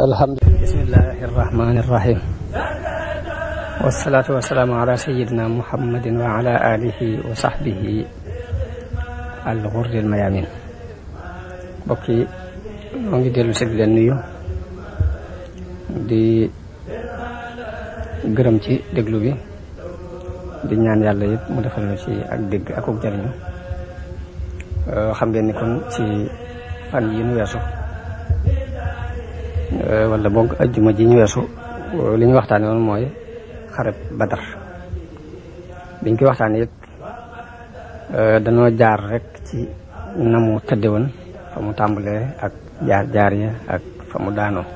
الحمد لله بسم الله الرحمن الرحيم والصلاة والسلام على سيدنا محمد وعلى آله وصحبه الغرد الميامين بكي نغي ديلو سي دي نيو دي گرم دي نيان يالله ييب مو ديفال نو سي اك دغ اكو آه، سي فان يي ياسو Euh, wala boog ajjuma ji ñu weesu li ñu waxtaane woon mooy xareb badar biñ koy waxtaan it euh, danoo jaar rek ci na mu tëdde woon fa mu tàmbalee ak jaar jaar ak fa mu daanoo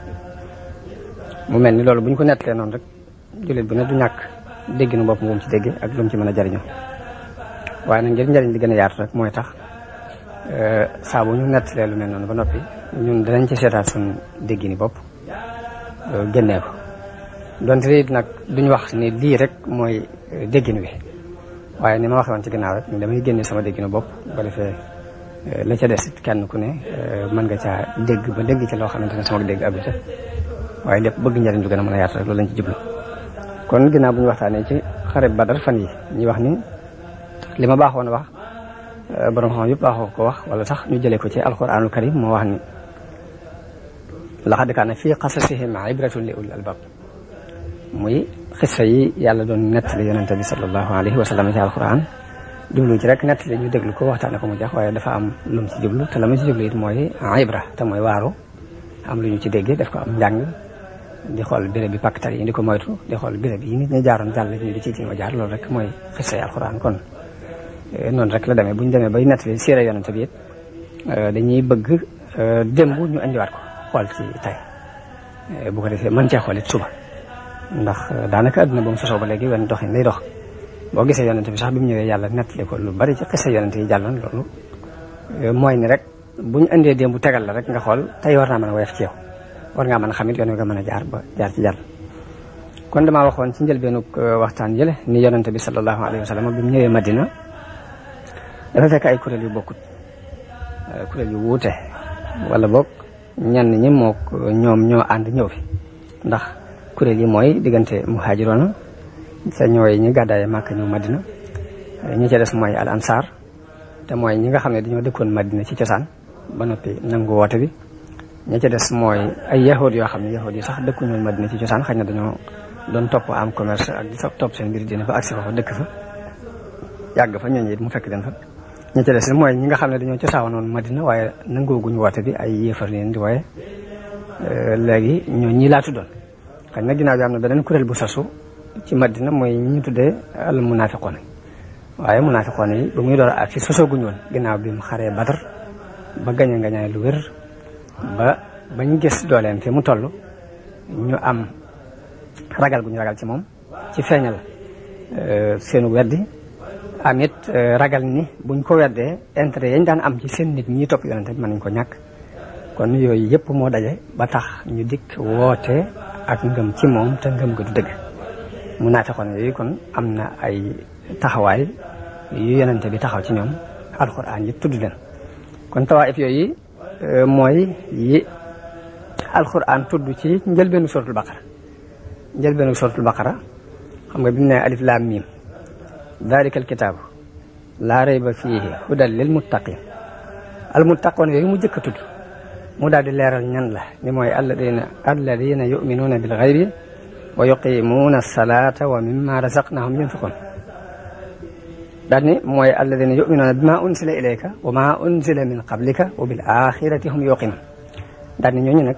mu mel ni loolu bu ñu ko nettalee noonu rek jullit bu ne du ñàkk dégg na bopp moom ci dégg ak lu mu ci mën a jariñoo waaye nag njëriñ njëriñ li gën a yaatu rek mooy tax euh, saa bu ñu nettalee lu mel noonu ba noppi ñun danañ ci seetaat suñ déggini bopp euh, génnee ko donte it nag duñ wax ni lii rek mooy euh, déggin wi waaye ni ma waxee woon ci ginnaaw rek damay génne sama dégginu bopp ba defee euh, la ca des kenn ku ne mën nga caa dégg ba dégg ci loo xamante ne sama dégg abita waaye lépp bëgg njëriñ lu gën a mën a yaatu rek loolu lañ ci jublu kon ginnaaw bu ñu waxtaanee ci xare badar fan yi ñu wax ni li ma baaxoon wax borom xam yëpp baaxoo ko wax wala sax ñu jëlee ko ci alquranul karim wax ni laqad kaana fii qasasihim ibratun li ulil albab muy xissa yi yàlla doon nettali yonent bi sallallahu alayhi wa sallam ci alquran jublu ci rek nettali ñu déglu ko waxtaane ko mu jeex waaye dafa am lu mu ci jublu te la mu ci jublu it mooy ibra te mooy waaru am lu ñu ci déggee def ko am njàng di xool béréb bi pàktal yi di ko moytu di xool béréb yi nit ñi jaaroon jàll ñu di ci jéem jaar loolu rek mooy xissa yi alquran kon noonu rek la demee bu ñu demee bay nettali siira yonent bi it dañuy bëgg démb ñu indiwaat ko xool ci tey eh, bu ko defee mën cee xoolit suba ndax eh, daanaka adduna ba mu sosoo ba léegi wenn doxin lay dox boo gisee yonente bi sax bi mu ñëwee yàlla nettali ko lu bari ci xisa yonente yi jàlloon loolu eh, mooy ni rek bu ñu indee bu tegal la rek nga xool tey war naa mën a woyof ci yow war ngaa mën a xamit yoon jaar ba jaar ci jàll kon damaa waxoon ci njëlbeenu waxtaan yële ni yonente bi sallallahu alayhi wa sallam bi mu ñëwee Madina dafa fekk ay kuréel yu bokkut kuréel yu wute wala bokk ñenn ñi moo ñoom ñoo ànd ñëw fi ndax kuréel yi mooy diggante mu muhaajiroona sa ñooy ñi gàddaaye màkk ñëw madina ñi ca des mooy al ansaar te mooy ñi nga xam ne dañoo dëkkoon madina ci cosaan ba noppi nangu woote bi ñi ca des mooy ay yahood yoo xam ne yahood yi sax dëkkuñoon madina ci cosaan xëy na dañoo doon topp am commerce ak di topp seen mbir dina ba agsi fa fa dëkk fa yàgg fa ñooñu it mu fekk leen fa ñi ci des mooy ñi nga xam ne dañoo ca saawanoon Madina waaye ñu woote bi ay yéefar leen di waaye euh, léegi ñoo ñii laa tuddoon xañ na ginnaaw bi am na beneen kuréel bu sasu ci Madina mooy ñi ñu tuddee al munaafiqoon waaye munaafiqoon yi ba muy door ak ci sosooguñu woon ginnaaw bi mu xaree Badar ba gañe ngañaay lu wér ba bañ gis dooleem fi mu toll ñu am ragal gu ñu ragal ci moom ci feeñal euh, seenu weddi amit eh, ragal ni buñ ko weddee intérêt yañ daan am ci seen nit ñi top yonente man mën ko ñak kon yoy yépp mo daje ba tax ñu dik woote ak ngëm ci mom ta ngëm gu dëgg mu na taxone yoy kon am na ay taxaway yu yonente bi taxaw ci ñom alquran yi tuddu leen kon tawaif yooyu eh, moy yi alquran tuddu ci benu suratul baqara benu suratul baqara xam nga bimu ne alif lam mim ذلك الكتاب لا ريب فيه هدى للمتقين المتقون يوم جكتد مداد الله نان لا الذين الذين يؤمنون بالغيب ويقيمون الصلاة ومما رزقناهم ينفقون داني موي الذين يؤمنون بما أنزل إليك وما أنزل من قبلك وبالآخرة هم يوقنون داني نيوني نك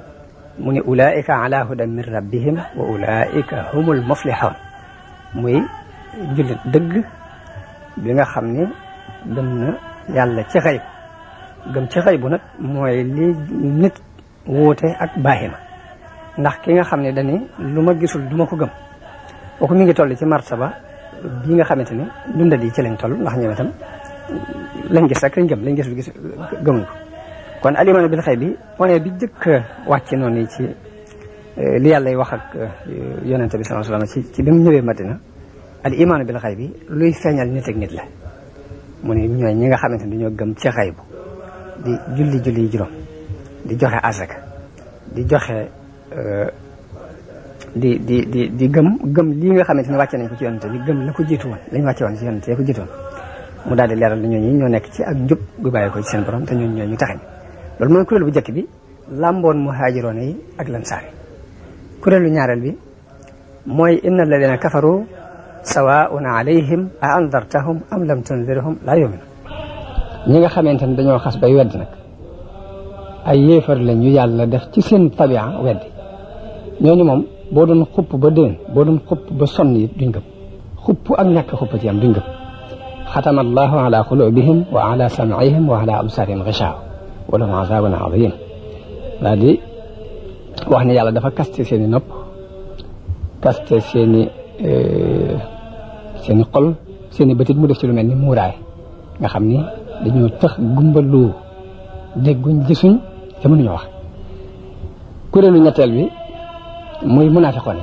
أولئك على هدى من ربهم وأولئك هم المفلحون موي jullit dëgg bi nga xam ni gëm na yàlla ci xayb gëm ci xaybu nag mooy li nit wuute ak baaxi ma ndax ki nga xam ne dana lu ma gisul duma ko gëm kooku mu ngi toll ci martaba bi nga xamante ne dundal di ci lañ toll ndax ñoom itam lañ gis rek lañ gëm lañ gisul gis gëmuñ ko kon alimaanu bil xay bi wane bi jëkk wàcc noonu ci eh, li yàlla wax ak eh, yonente bi sallallahu alayhi wasallam ci ci bi mu ñëwee Madina al imaanu bil xay bi luy feeñal nit ak nit la mu ne ñooy ñi nga xamante ne ñoo gëm ci xay bu di julli julli yi juróom di joxe asaka di joxe euh, di di di di gëm gëm lii nga xamante ne wàcce nañ ko ci yonante bi gëm la ko jiitu woon lañ wàcce woon ci yonante ko jiitu woon mu daal di leeral na ñooñu ñoo nekk ci ak njub gu bàyyi ko ci seen borom te ñooñu ñooy ñu taxañ loolu mooy kuréel bu njëkk bi làmboon muhaajiroon yi ak lansaar yi kuréelu ñaareel bi mooy inna alladina سواء عليhim a andartahum am lam tundirhum la yumin ñi nga xamante ne dañoo xas bay wedd nag ay yéefar la ñu yàlla def ci seen tabia weddi ñooñu moom boo doon xupp ba déen boo doon xupp ba sonn yi duñ gëm xupp ak ñàkk xupp ci am duñ gëm xatama allahu ala qulubihim wa ala samcihim wa ala absarihim gishawa wa lahum azabun azim daal di wax ne yàlla dafa kaste seen i nopp kaste seen i seen xol seen i bëtit mu def ci lu mel ni muuraay nga xam ni dañoo tax gumbaloo dégguñ gisuñ te mënuñu wax kuréelu ñetteel bi muy munaafiqoon yi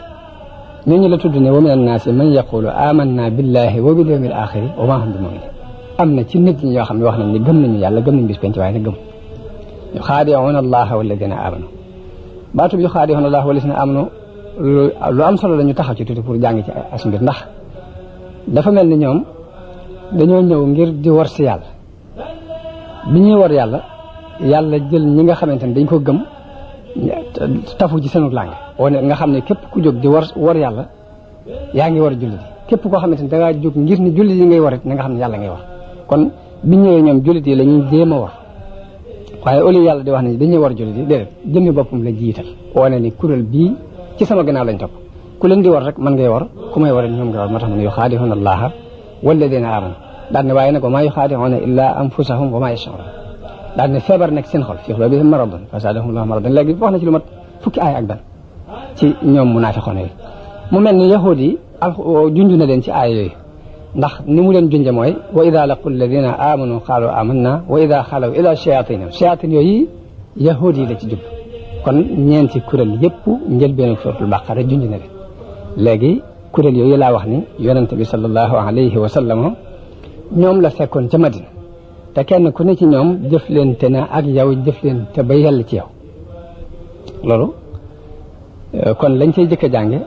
ñooñu la tudd ne wa minan naasi man yaqulu amanna billahi wa bil yawmil axiri wa maa hum bi mu'minin am na ci nit ñi yoo xam ne wax nañ ni gëm nañu yàlla gëm nañu bis penc waaye nag gëm yu xaadi'uuna allaha walladina amanu baatub yu xaadi'uuna allaha walladina amanu lu am solo la ñu taxaw ci tuuti pour jàng ci as ndax dafa mel ni ñoom dañoo ñëw ngir di war si yàlla bi ñuy war yàlla yàlla jël ñi nga xamante ne dañ ko gëm tafu ci seenu làng wane nga xam ne képp ku jóg di war war yàlla yaa ngi war a jullit képp koo xamante ne da ngaa jóg ngir ni jullit yi ngay war it na nga xam ne yàlla ngay war kon bi ñëwee ñoom jullit yi la ñuy a war waaye au yàlla di wax ne dañuy war jullit yi déedéet jëmmi boppam la jiital wane ni kuréel bii ci sama gannaaw lañ topp ku leen di war rek man ngay war ku may war ñoom ngay war moo tax mu ne yuxaadi'uuna allaaha walladina aamanu daal ne waaye nag wa maa yuxaadi'uuna illaa anfusahum wa maa yash'uruun daal ne feebar nekk seen xol fii quluubihim maradun fazaadahum allaahu maradan léegi wax na ci lu mat fukki aay ak benn ci ñoom munaafiqoon yi mu mel ni yahuud yi ak junj na leen ci aay yooyu ndax ni mu leen junje mooy wa ida laqu alladina amanu qaalu amanna wa ida xalaw ila shayatina shayatin yooyu yahuud yi la ci jub kon ñeenti kuréel yépp njëlbeenu suuratul baqara junj na leen léegi kuréel yooyu laa wax ni yonent bi sallallahu alayhi wa sallam ñoom la fekkoon ca Madina te kenn ku ne ci ñoom jëflante na ak yow jëflante te yell ci yow loolu kon lañ cey jëkk a jànge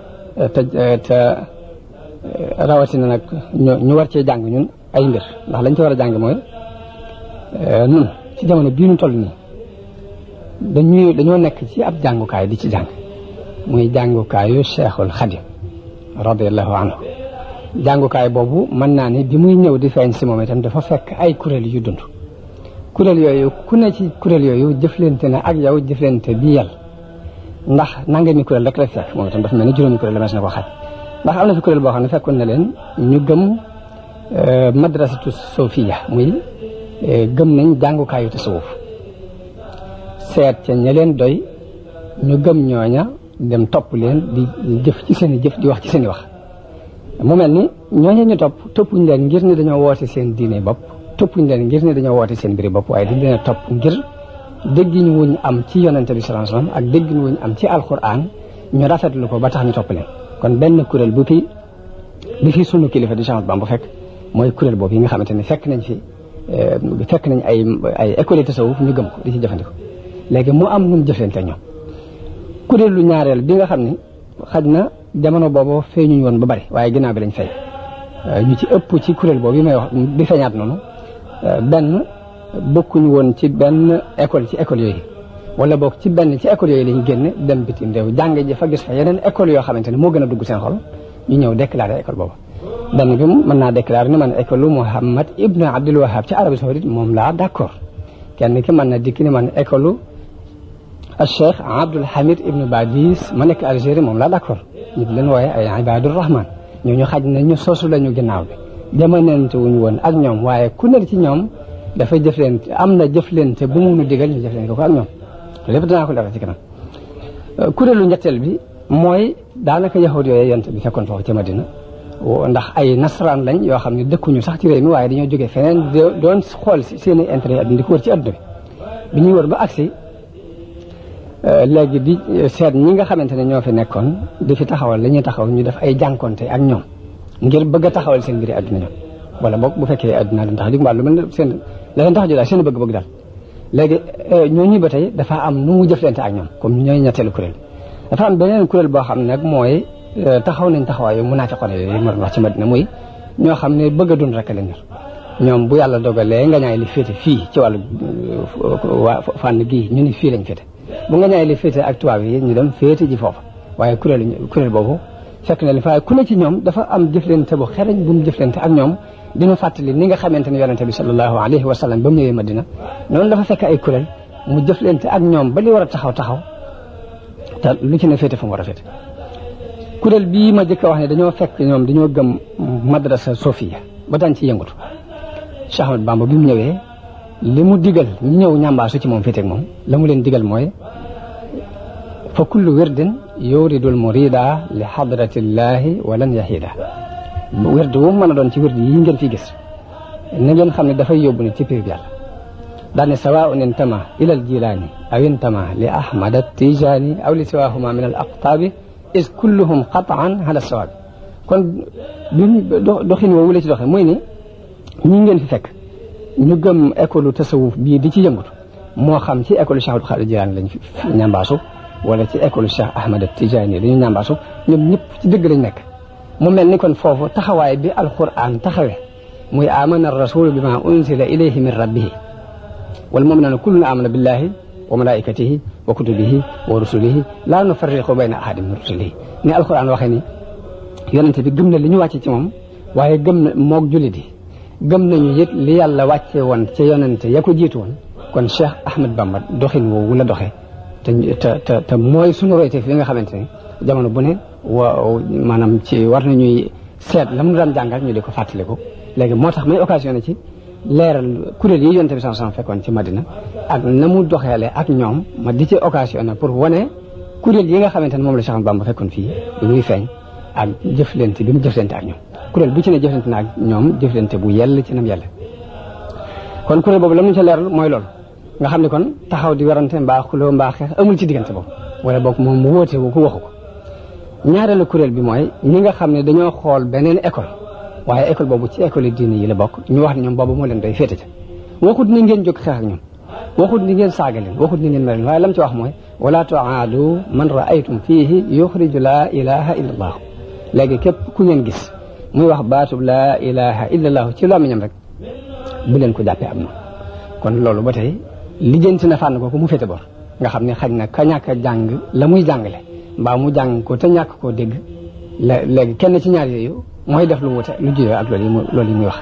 te rawatina nag ñu war cee jàng ñun ay mbir ndax lañ ci war a jàng mooy nun ci jamono bii ñu toll nii dañuy dañoo nekk ci ab jàngukaay di ci jàng muy jàngukaayu Cheikhul Khadim radiallahu anhu jàngukaay boobu mën naa ne bi muy ñëw di feeñ si moom itam dafa fekk ay kuréel yu dund kuréel yooyu ku ne ci kuréel yooyu jëflante na ak yow jëflante bi yàlla ndax nangami kuréel rek la fekk moom tam dafa mel ni juróomi kuréel la mees na ko xaj ndax am na fi kuréel boo xam ne fekkoon na leen ñu gëm euh, madrasatu sofiya muy euh, gëm nañ jàngukaayu tasawuf seet ca ña doy ñu gëm ñooña dem topp leen di jëf ci seen i jëf di wax ci seen i wax mu mel ni ñooñu ñu topp toppuñ leen ngir ni dañoo woote seen diine bopp toppuñ leen ngir ne dañoo woote seen mbiri bopp ay dañ leen topp ngir déggin wuñ am ci yonente bi sallallahu ak déggin wuñ am ci alquran ñu rafetlu ko ba tax ñu topp leen kon benn kuréel bu fi bi fi sunu kilifa di Cheikh Bamba fekk mooy kuréel boobu yi nga xamante ni fekk nañ fi eh, fekk nañ ay ay école tasawuf ñu gëm ko di ci jëfandiko léegi mu am ñun jëflante ñoom kuréelu ñaareel bi nga xam ne xaj na jamono boobu ñu woon ba bari waaye ginnaaw bi lañ fey euh, ñu ci ëpp ci kuréel boobu yi may wax bi feeñaat noonu euh, benn bokkuñu woon ci benn école ci école yooyu wala boog ci benn ci école yooyu lañ génne dem bitim réew jàng ji fa gis fa yeneen école yoo xamante ne moo gën a dugg sen xol ñu ñëw déclaré école boobu benn bi mën naa déclaré ne man école Muhammad Ibn Abdul Wahab ci Arabie Saoudite moom laa d'accord kenn ki mën na dikk ni man école a Cheikh Abdoul Hamid Ibn Badis ma nekk Algérie moom laa d'accord ñu leen wooye ay Ibadur ñoo ñooñu xaj na ñu sosu lañu ginnaaw bi jamonente wuñu woon ak ñoom waaye ku ne ci ñoom dafay jëflante am na jëflante bu mu nu digal ñu jëflante ko ak ñoom lépp danaa ko defal ci kanam kuréelu ñetteel bi mooy daanaka yahud yooyu yent bi fekkoon foofu ca Madina ndax ay nasaraan lañ yoo xam ne dëkkuñu sax ci réew mi waaye dañoo jógee feneen doon xool seen i intérêt yi àdduna di ko wër ci àdduna bi bi ñuy wër Euh, léegi di euh, seet ñi nga xamante ne ñoo fi nekkoon di fi taxawal la ñuy taxaw ñu def ay jànkonte ak ñoom ngir bëgg taxawal seen mbiri àdduna ñoom wala boog bu fekkee àdduna leen tax di wàllu mel seen leen tax ju daal seen bëgg-bëgg daal léegi euh, ñooñu ba tey dafa am nu mu jëflante ak ñoom comme ñooy ñetteelu kuréel dafa am kuréel boo xam ne nag mooy taxaw nañ taxawaayu munaafiqoon yooyu ma wax ci Madina muy ñoo xam ne bëgg a ñoom bu yàlla dogalee nga ñaay li féete fii ci wàllu fànn gii ñu ni fii lañ te bu nga nee li féete ak tubaab yi ñu dem féete ji foofa waaye kuréel kuréel boobu fekk na li fa ku ne ci ñoom dafa am jëflante bu xereñ bu mu jëflante ak ñoom dina fàttali ni nga xamante ne yonente bi sallallahu alayhi wa sallam ba mu ñëwee Madina noonu dafa fekk ay kuréel mu jëflante ak ñoom ba li war a taxaw taxaw te lu ci ne féete fa kuréel bii ma jëkk a wax ne dañoo fekk ñoom dañoo gëm madrasa sofiya ba daan ci yëngatu Cheikh Ahmad bi mu ñëwee li mu digal ñu ñëw ñambaasu ci moom fii teg moom la mu leen digal mooy fa kullu wirdin yuridul murida li hadratillahi walan yahida wird wu mën a doon ci wird yi ngeen fi gis na ngeen xam ne dafay yóbbu ni ci piir bi yàlla دعني سواء انتمى إلى الجيلاني أو انتمى لأحمد التيجاني أو لسواهما من الأقطاب إذ كلهم قطعا على الصواب كون دوخين وولي دوخين مويني نينجن في فك ñu gëm école tasawuf bii di ci yëngatu moo xam ci école Cheikh Abdou Khadir Jilaani lañ ñambaasu wala ci école Cheikh Ahmed Tijaani lañu ñambaasu ñoom ñëpp ci dëgg lañ nekk mu mel ni kon foofu taxawaay bi alquran taxawe muy amana rasulu bima unsila ilayhi min rabbihi wal mu'minuna kullun amana billahi wa malaikatihi wa kutubihi wa rusulihi laa nufarriqu bayna ahadin min rusulihi ni alquran waxee ni yonente bi gëm na li ñu wàcce ci moom waaye gëm na moog jullit gëm nañu it li yàlla wàcce woon ca yonente ya ko jiitu woon kon Cheikh Ahmed Bamba doxin woowu la doxe te te te mooy suñu royteef yi nga xamante ne jamono bu ne wa maanaam ci war na ñuy seet la mu daan jàngal ñu di ko ko léegi moo tax may occasion na ci leeral kuréel yi yonente bi san san fekkoon ci Madina ak na mu doxeele ak ñoom ma di ci occasion na pour wane kuréel yi nga xamante ne moom la Cheikh Ahmed Bamba fekkoon fii ñuy feeñ ak jëflante bi mu jëflante ak kuréel bu ci ne jëflante naa ak ñoom jëflante bu yell ci nam yàlla kon kuréel boobu la mu ca leeral mooy loolu nga xam ne kon taxaw di werante mbaa xuloo mbaa xeex amul ci diggante boobu wala boog moom mu wóote wu ko waxu ko ñaareelu kuréel bi mooy ñu nga xam ne dañoo xool beneen école waaye école boobu ci école diine yi bokk ñu wax ne ñoom boobu moo leen doy féete ca waxut ni ngeen jóg xeex ak ñoom waxut ni ngeen saaga leen waxut ni ngeen mel waaye lam ci wax mooy wala tuaadu man raaytum fiihi yuxriju laa ilaha illa allah ku ngeen gis muy wax baatub laa ilaha illa allahu ci làmmiñam rek bu leen ko jàppee am na kon loolu ba tey lijjanti na fànn kooku mu féete bor nga xam ne xaj na ka a jàng la muy jàngale mbaa mu jàng ko te ñàkk koo dégg la léegi kenn ci ñaar yooyu mooy def lu wute lu ak loolu yi mu loolu yi muy wax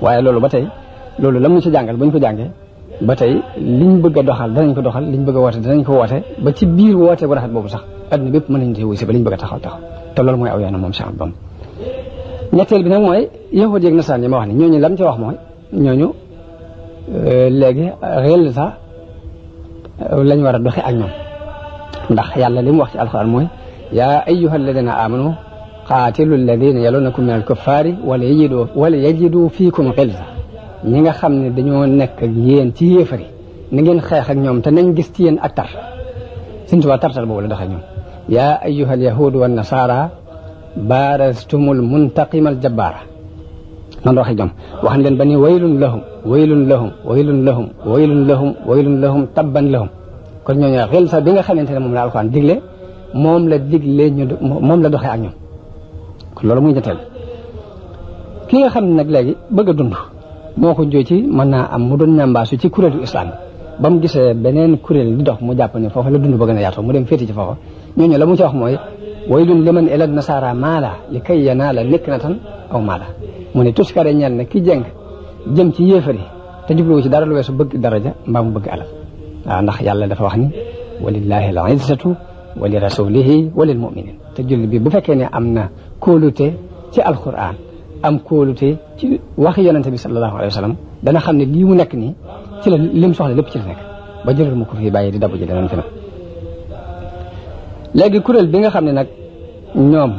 waaye loolu ba tey loolu la mu ci jàngal bu ñu ko jàngee ba tey liñ bëgg a doxal danañ ko doxal liñ bëgg a woote danañ ko woote ba ci biir wootee bu rafet boobu sax adduna bépp mën nañ te wuy si ba liñ bëgg a taxaw taxaw te loolu mooy aw moom sax bam ñetteel bi nag mooy yahud yeeg nasaan yi ma wax ni ñooñu lam ci wax mooy ñooñu euh, léegi réel sax euh, lañ war a doxe ak ñoom ndax yàlla li mu wax ci alxuraan mooy yaa ayyuha alladina amanu qaatilu alladina yalunakum min alkuffaari wala yajidu wala yajidu fiikum xilsa ñi nga xam ne dañoo nekk ak yéen ci yéefari na ngeen xeex ak ñoom te nañ gis ci yéen ak tar suñ tubaab tartar boobu la doxee ñoom yaa ayyuha alyahudu wannasaara baarastumul muntaqimal jabbaara noonu la waxee ñoom wax na leen ba ni waylun lahum waylun lahum waylun lahum waylun lahum waylun lahum tabban lahum kon ñooñu wax sax bi nga xamante ne moom la alxuraan digle moom la digle ñu moom la doxee ak ñoom kon loolu muy ñetteel ki nga xam ne nag léegi bëgga a dund moo ko jóo ci mën naa am mu doon ñambaasu ci kuréelu islam ba mu gisee beneen kuréel di dox mu jàpp ne foofu la dund bëgg na yaatoo mu dem féeti ci foofa ñooñu la mu ci wax mooy waylun liman ilal nasaara maala li kay yanaala nekk na tan aw maala mu ne tuskare ñeel na ki jeng jëm ci yéefari te jubluwu ci dara lu weesu bëgg daraja mbaa mu bëgg alal waaw ndax yàlla dafa wax ni walillahi al izzatu wa li rasulihi wa lil muminin te julli bi bu fekkee ne am na kóolute ci alquran am kóolute ci waxi yonente bi sallallahu alayhi wa sallam dana xam ne lii mu nekk nii ci la lim soxla lépp ci la nekk ba jëlal mu ko fi bàyyi di dabu ji leneen feneen léegi kuréel bi nga xam ne nag ñoom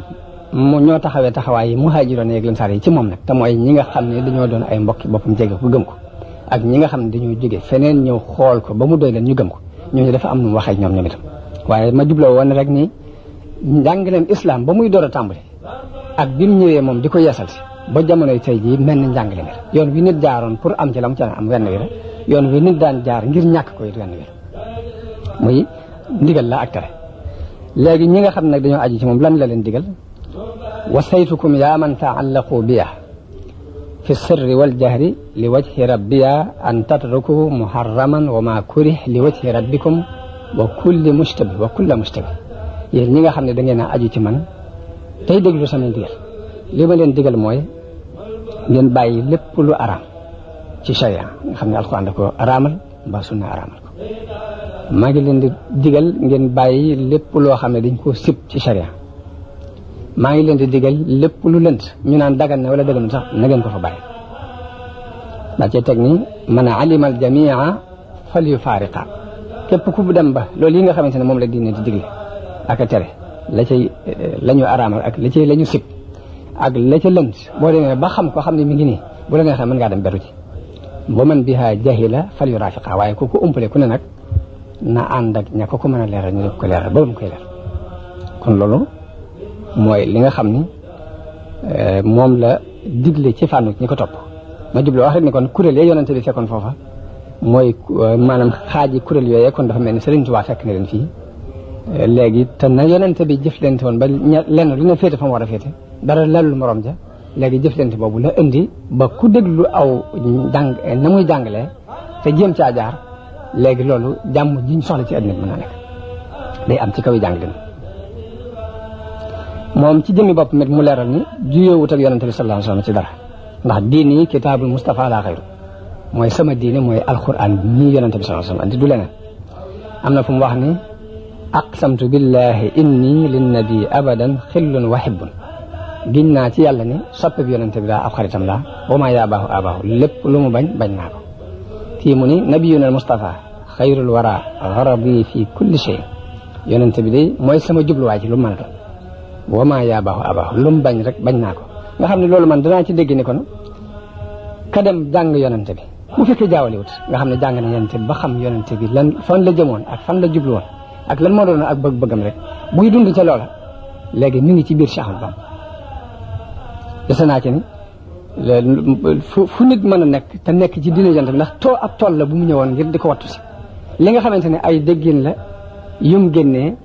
mu ñoo taxawee taxawaay yi muhaajiroon yeeg lamsaar yi ci moom nag te mooy ñi nga xam ne dañoo doon ay mbokki boppam jege ko gëm ko ak ñi nga xam ne dañoo jóge feneen ñëw xool ko ba mu doy leen ñu gëm ko ñooñu dafa am nu mu waxee ñoom ñoom waaye ma jubloo woon rek ni njàngaleem islaam ba muy door a tàmbali ak bi mu ñëwee moom di ko yeesal si ba jamonoy tey jii mel ni njàngale la yoon wi nit jaaroon pour am ci la am wenn yoon wi nit daan jaar ngir ñàkk ko it wenn wi la muy léegi ñi nga xam nag dañoo aji ci moom lan la leen digal wasaytukum yaa man taallaqu biya fi sirri wal jahri li wajhi rabbiya an tatruku muharraman wa ma kurih li wajhi rabbikum wa kulli mushtabih wa kulla mushtabih yéen ñi nga xam ne da ngeen a aju ci man tey déglu samay digal li ma leen digal mooy ngeen bàyyi lépp lu araam ci sharia nga xam ne alquran da ko araamal mbaa sunna araamal ko maa ngi leen di digal ngeen bàyyi lépp loo xam ne dañ ko sip ci sharia maa ngi leen di digal lépp lu lënt ñu naan dagan na wala daganul sax na ngeen ko fa bàyyi daa cee teg ni man alima al jamia fal yu faariqa képp ku bu dem ba loolu yi nga xamante ne moom la diine di digle ak tere la cay la ñu araamal ak la cay la ñu ak la ca lënt boo demee ba xam ko xam ne mi ngi nii bu la xam mën ngaa dem beru ci bo man biha jahila fal yu raafiqa waaye ku ko ku ne nag na ànd ak ña ko ko mën leeral ñu ko leeral ba mu koy leer kon loolu mooy li nga xam ni euh, moom la digle ci fànn ñu ko topp ma jublu wax ni kon kuréel ya yonente bi fekkoon foofa mooy euh, maanaam xaaji kuréel yooyee kon dafa mel ni Sëriñ Tuubaa fekk na leen fii euh, léegi te na yonente bi jëflante woon ba lenn lu ne féete fa mu war a féete dara lalul morom ja léegi jëflante boobu la indi ba ku déglu aw jàng na muy jàngalee te jéem caa jaar léegi lalu jàmm ñu soxla ci àdduna mëna nek day am ci kaw jàng leen moom ci jëmi bop met mu leral ni yewut ak yonente bi sallallahu alayhi wasallam ci dara ndax yi Mustafa la khair moy sama diini moy alquran ni yonente bi sallallahu alayhi wasallam andi du amna fu mu wax ni aqsamtu billahi inni Nabi abadan khilun wa hibbun giñ ci yalla ni soppe bi yonente bi la ab xaritam laa wa ma yaabaahu abaahu lu mu bañ bañ naa fii mu ni nabiyuna almustafa xayrul wara xarabi fi kulli shay yonente bi day mooy sama jubluwaay ci lu mën a doon wamaa yaa baaxu abaaxu lu mu bañ rek bañ naa ko nga xam ne loolu man danaa ci dégg ni kon ka dem jàng yonente bi bu fekkee jaawaliwut nga xam ne jàng na yonente bi ba xam yonente bi lan fan la jëmoon ak fan la jubluwoon ak lan moo doon ak bëgg-bëggam rek bu buy dund ca loola léegi mi ngi ci biir Cheikh Bamba dese naa ci ni fu fu nit mën a nekk te nekk ci diine jant bi ndax tool ab tool la bu mu ñëwoon ngir di ko wattu si li nga xamante ne ay déggin la yum génnee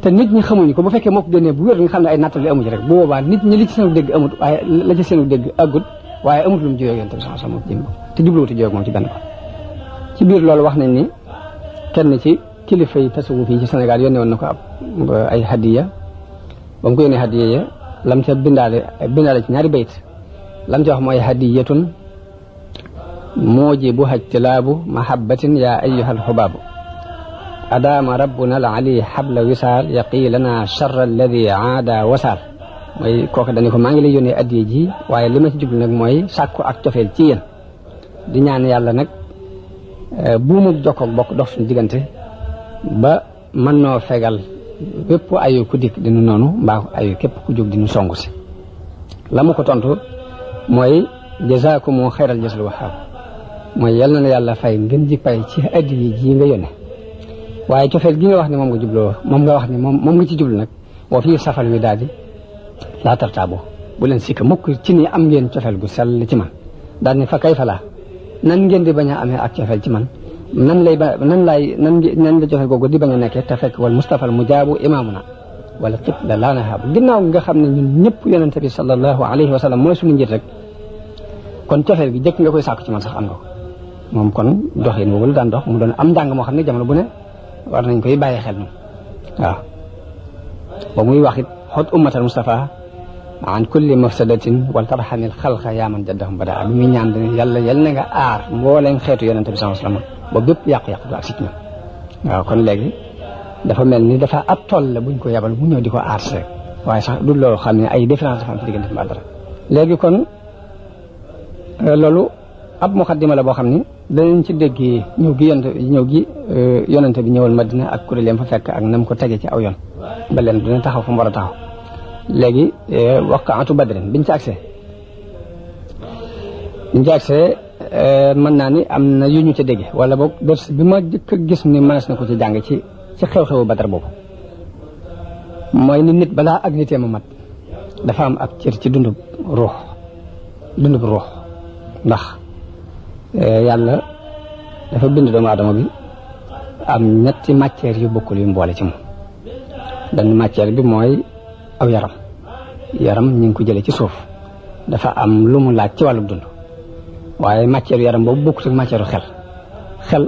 te nit ñi xamuñu ko bu fekkee moo ko génnee bu wér nga xam ne ay nattali amuñu rek bu boobaa nit ñi li ci seenu dégg amut waaye la ci dégg agut waaye amut lu mu juyoo yonte bi sax moom jëm te jubluwutu juyoo moom ci benn ko ci biir loolu wax nañ ni kenn ci kilifa yi tasawuf yi ci Sénégal yónnee woon na ko ab ay hadiya ba mu ko yónnee hadiya ya lam ca bindaale bindaale ci ñaari bayit lam ci wax mooy hadiyatun muujibu hajtilaabu mahabbatin yaa ayyuhal xubaabu adaama rabbuna al ali xabla wisaal yaqii lana charra alladi aada wasaal mooy kooku dañu ko maa ngi lay yónnee addiye ji waaye li ma ci jublu nag mooy sàkku ak cofeel ci yéen di ñaan yàlla nag eh, buumu jokkoog bokk dox suñu diggante ba mën noo fegal bépp ayu ku dikk dinu noonu mbaa ayu képp ku jóg dinu songu si la ko tontu mooy jazaakumu xayral jazal wahaab mooy yal na la yàlla fay ngeen ji pay ci addi yi ji nga yónnee waaye cofeel gi nga wax ne moom nga jubloo moom nga wax ni moom moom nga ci jublu nag woo fii safal wi daal di laa bu leen sikka mukk ci ni am ngeen cofeel gu sell ci ma daal ne fa kay fa nan ngeen di bañ a amee ak cofeel ci man nan lay ba nan laay nan nan la cofeel googu di bañ a nekkee te fekk wal Mustafa al mujaabu imaamu na wala qibla laa nahaab ginnaaw nga xam ne ñun ñëpp yonente bi sallallahu alayhi wa sallam mooy suñu njit rek kon cofeel gi jëkk nga koy sàkku ci man sax am nga ko moom kon doxin boobu la daan dox mu doon am njàng moo xam ne jamono bu ne war nañ koy bàyyi xel ñun waaw ba muy wax it xot ummatal Mustafa an kulli mafsadatin wal tarxamil xalqa yaa man jaddahum badaa bi muy man dane yàlla yal na nga aar mbooleem xeetu yonente bi sallallahu alayhi wa sallam ba bépp yàqu-yàqu ak si waaw kon léegi dafa mel ni dafa ab tool la buñ ko yabal mu ñëw di ko aar waaye sax du loolu xam ne ay différence dafa am ci diggante mbaa léegi kon euh, loolu ab muqaddima la boo xam ni danañ ci déggee ñëw gi yonent ñëw gi euh, yonent bi ñëwal Madina ak kuréelam fa fekk ak nam ko tege ci aw yoon ba leen dina taxaw fu mu war a taxaw léegi euh, waqaatu badrin biñ ci agsee biñ ci agsee mën naa ni am na yu ñu ci déggee wala boog dërs bi ma jëkk gis ni mënees na ko ci jàng ci ci xew-xewu badar boobu mooy ni nit balaa ak niteem a mat dafa am ab cër ci dundu ruux ruux ndax eh, yàlla dafa bind doomu aadama bi am ñetti matière yu bokkul yu mboole ci moom benn matière bi mooy aw yaram yaram ñu ngi ko jëlee ci suuf dafa am lu mu laaj ci wàllu dund waaye matière yaram boobu bokkut ak matière xel xel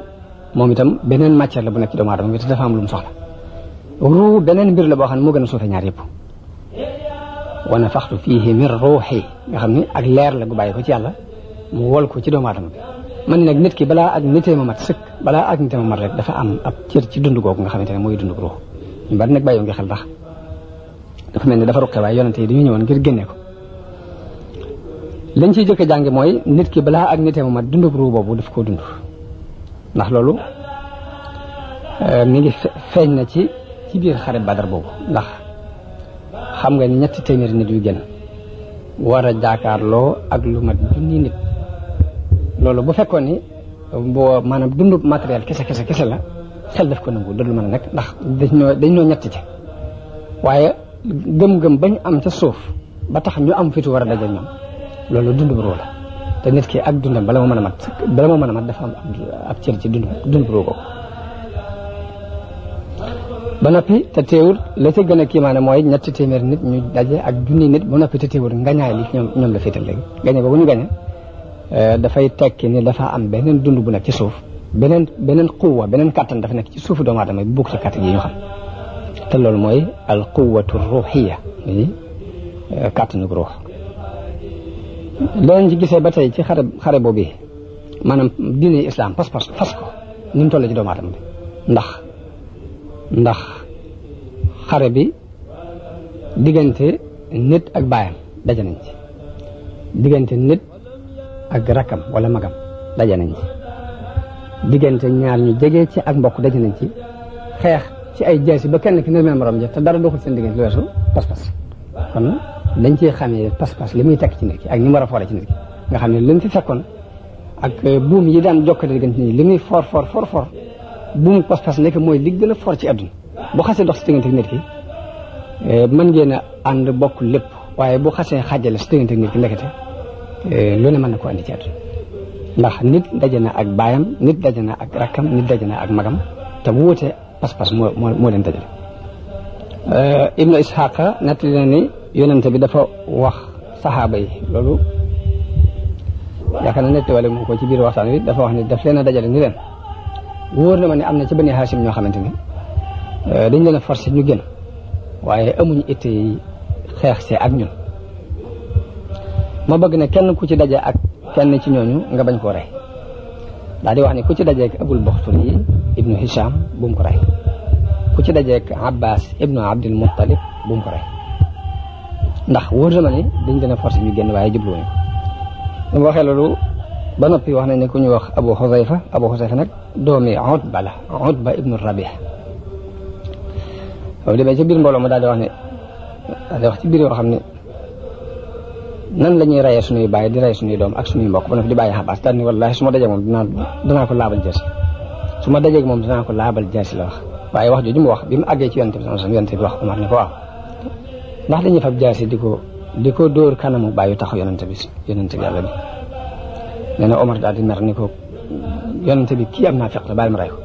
moom itam beneen matière la bu nekk ci doomu aadama bi te dafa am mu soxla ruu beneen mbir la boo xam ne moo gën a suufe ñaar yëpp wa nafaxtu fiihi min ruuxi nga xam ne ak leer la gu bàyyi ci yàlla mu wol ko ci doomu bi man nag nit ki balaa ak nitee ma mat sëkk balaa ak nitee ma mat rek dafa am ab cër ci dund googu nga xamante ne mooy dund ruux ñu bari nag bàyyi nga xel ndax dafa ne dafa ruqe yonante yi ñëwoon ngir génne ko lañ ciy jëkk mooy nit ki balaa ak nitee ma mat dund ruux boobu koo dund ndax loolu euh, mi ngi feeñ na ci ci biir xare badar boobu ndax xam nga ñetti téeméeri nit yu gën war a loo ak lu mat junni nit loolu bu fekkoon ni boo maanaam dundu matériel kese kese kese la xel daf ko nangu dootul mën a nekk ndax dañoo dañoo ñetti ci waaye gëm-gëm bañ am ca suuf ba tax ñu am fitu war a daje ñoom loolu dundu bu te ki ak dundam bala moo mën a mat bala ma mën a mat dafa ab cër ci dund dund ko ba noppi te la la ca gën a kiimaane mooy ñetti téeméer nit ñu daje ak junni nit ba noppi te teewul ngañaay li ñoom ñoom la féetal léegi gañe boobu ñu gañe euh, dafay tekki ni dafa am beneen dund bu nekk ci suuf beneen beneen quwwa beneen kàttan dafa nekk ci suufu doomu aadama bu bokk sa kàttan ñu xam te loolu mooy al quwwatu ruuxiya muy euh, kàttanu ruux loolu ci gisee ba tey ci xare xare boobu bi maanaam diine islam pas-pas fas ko ni mu toll ci doomu aadama bi ndax ndax xare bi diggante nit ak baayam daje nañ ci diggante nit ak rakkam wala magam daje nañ ci diggante ñaar ñu jege ci ak mbokk daje nañ ci xeex ci ay jees yi ba kenn ki ne mel morom ja te dara doxul seen diggante lu weesu pas-pas lañ cee xamee pas-pas li muy tekk ci nit ak ñi mu war a foore ci nit ki nga xam ne li mu fi fekkoon ak euh, buum yi daan jokkale gën ci nii li muy for for for for buum pas-pas nekk mooy li gën a for ci àdduna bu xasee dox si diggante nit ki euh, mën ngeen a ànd bokk lépp waaye bu xasee xaajale si diggante nit ki lekkate euh, lu ne mën na ko andi ci àdduna ndax nit daje na ak baayam nit daje na ak rakkam nit daje na ak magam te bu wutee pas-pas moo moo leen dajale Ibnu Isxaaqa nettali na ni yonente bi dafa wax saxaaba yi loolu yaakaar na nettiwale moo ko ci biir waxtaan wi dafa wax ne daf leen a dajale ni leen wóor ma ne am na ci bani Hashim ñoo xamante ni euh, dañ leen a ñu génn waaye amuñu itte xeex see ak ñun ma bëgg ne kenn ku ci daje ak kenn ci ñooñu nga bañ koo rey daal wax ne ku ci dajeek abul boxtul yi ibnu Hisham bu ko rey ku ci dajeek abbas ibnu abdul muttalib bu mu ndax wóor na ma ne dañ gën a forcé ñu génn waaye jubluwuñu bu waxee loolu ba noppi wax nañ ne ku ñu wax Abu Xusayfa Abu Xusayfa nag doomi Utba la Utba ibnu Rabih boobu demee ci biir mbooloo mu daal di wax ne daal wax ci biir yoo xam ne nan la ñuy rayee suñuy di rey suñuy doom ak suñuy mbokk ba noppi di bàyyi xabaas daal ni wallaahi su ma dajee moom dinaa danaa ko laabal jeesi su ma dajee moom dinaa ko laabal jeesi la wax waaye wax jooju mu wax bi mu àggee ci yonent bi sama yonent ndax dañuy fab jaasi di ko di ko dóor kanamu bàyyi tax yonente bi yonente yàlla bi nee na Omar daal di mer ni ko yonente bi kii am naa fekk la bàyyi ma ko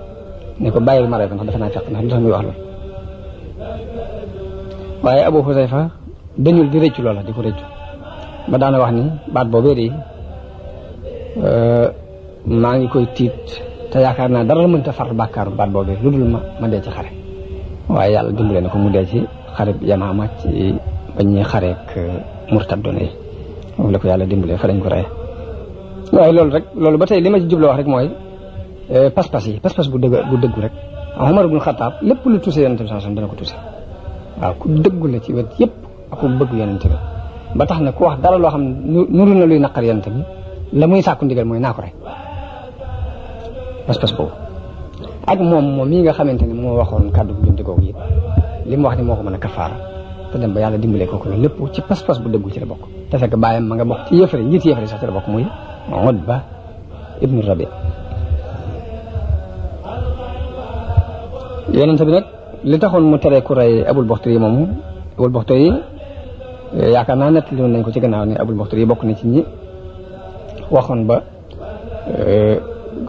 ne ko bàyyil ma rey ko ndax dafa naa ndax lu tax muy wax loolu waaye Abu Huzayfa dañul di rëccu loola di ko rëccu ba daana wax ni baat boobee de euh, maa ngi koy tiit te yaakaar naa dara mënta far bàkkaaru baat boobee lu dul ma ma dee ci xare waaye yàlla dimbale na ko mu dee ci xareb yamaama ci ba ñuy xareek euh, murtadoon yi moom la ko yàlla dimbalee fa lañ ko rey waaye loolu rek loolu ba tey li ma ci jubloo wax rek mooy euh, pas-pas yi pas bu dëgg bu dëggu rek ah, Umar ibn Xattaab lépp lu tuuse yonente bi sallallahu alayhi wasallam dana ko tuuse waaw ku dëggu la ci wet yépp ak ku bëgg yonente bi ba tax na ku wax dara loo xam ne nuru na luy naqar yonente bi la muy sàkku ndigal mooy naa ko rek pas-pas boobu ak moom moom mii nga xamante ne moo waxoon kàddu bu jëm li wax ni moko meuna kafara a te dem ba yalla dimbalé ko loolu lepp ci pass pass bu deggu ci la bok te fek bayam ma nga bok ci yëfare njiit yefere sax ci la bok muy Utba ibn Rabi yenen tabi nak li taxone mu téré ku ray abul boxtari moomu abul boxtari yaakaar naa nettali woon nañ ko ci gannaaw ni abul boxtari bok na ci ñi waxoon ba euh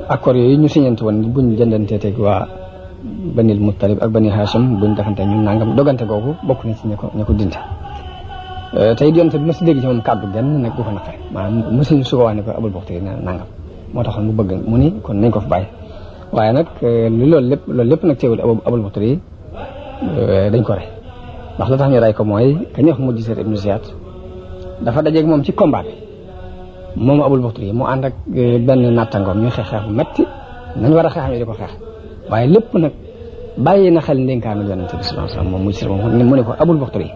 accord yi ñu signé won buñu jëndante tek wa بني المطلب أك بني هاشم بنت خنت نيون نعم دوغان تغوغو بكون سنيكو نيكو دينتا تايد يون تبي مسلي جيهم كابو جن نكو فنا خير ما مسلي سوغو أنا كأبو البوكتي نعم ما تخلو بعدين موني كون نيكو باي وأناك لولو لب لولو لب نكتي أبو أبو البوكتي دين كوري بحثنا تاني رأي كموي كني أخ موجي سر ابن زياد دفع دجاج مم تي كومبار مم أبو البوكتي مو أنك بني ناتانغو مي خير خير متي نن ورا خير خير waaye lépp nag bàyyi na xel ndénkaanu yonente bi sallallahu alayhi wasallam moom mu ci moom mu ne ko abul muxtar yi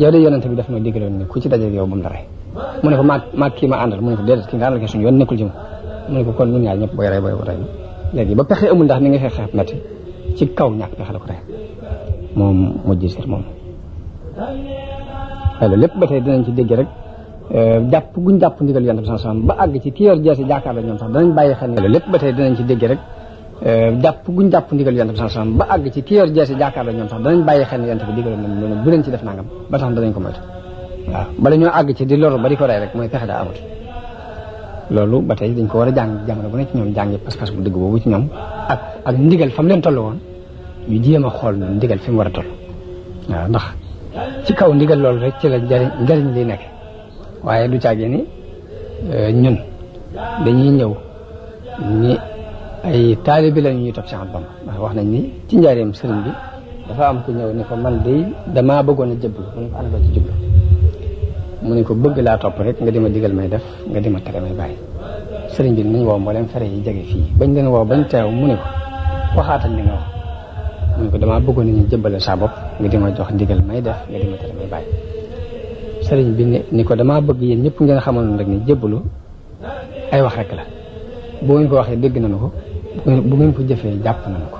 yow de yonente bi daf ma digaloon ni ku ci dajeeg yow bu mu dara mu ne ko maag maag kii ma àndal mu ne ko déedéet ki nga àndal ke suñu yoon nekkul ci mu ne ko kon ñun ñaar ñëpp booy rey booy ba pexe amul ndax ni nga xeex xeex metti ci kaw ñàkk pexe la ko rey moom mujj si moom loolu lépp ba tey dinañ ci dégg rek euh, jàpp guñ jàpp ndigal yonente bi sallallahu alayhi wasallam ba àgg ci ki yor jeesi jàkkaar la ñoom sax danañ bàyyi lépp ba tey dinañ ci dégg rek Euh, jàpp guñ jàpp ndigal yonent bi sallallahu alayhi wasallam ba àgg ci ki yor jeesi jàkkaar la ñoom sax danañ bàyyi xel ne yonent bi digaloon nañ leen bu leen ci def nangam ba tax danañ ko moytu waaw bala ñoo àgg ci di loru ba di ko rey rek mooy pexe daa amut loolu ba tey dañ ko war a jàng jamono bu ne ci ñoom jàngi pas-pas bu dëgg boobu ci ñoom ak ak ndigal fa mu leen toll woon ñu jéem a xool noonu ndigal fi mu war a toll waaw ndax ci kaw ndigal loolu rek ci la njariñ njariñ li nekk waaye du caagee ni euh, ñun dañuy ñëw ñi ay taalibi la ñuy topp Cheikh Ahmadou Bamba ndax wax nañ ni ci njaareem sëriñ bi dafa am ku ñëw ne ko man de damaa bëggoon a jëblu mu ne ko bëgg laa topp rek nga dima digal may def nga dima tere may bàyyi sëriñ bi nañ woo mboolem fere yi jege fii bañ leen woo bañ teew mu ne ko waxaatal ko damaa bëggoon nañu jëbale sa bopp nga dima jox digal may def sëriñ bi ni ko damaa bëgg yéen ñëpp ngeen xamoon nag ni jëblu ay wax rek la bu ngeen ko waxee dégg nañu ko loolu bu ko jëfee jàpp nañ ko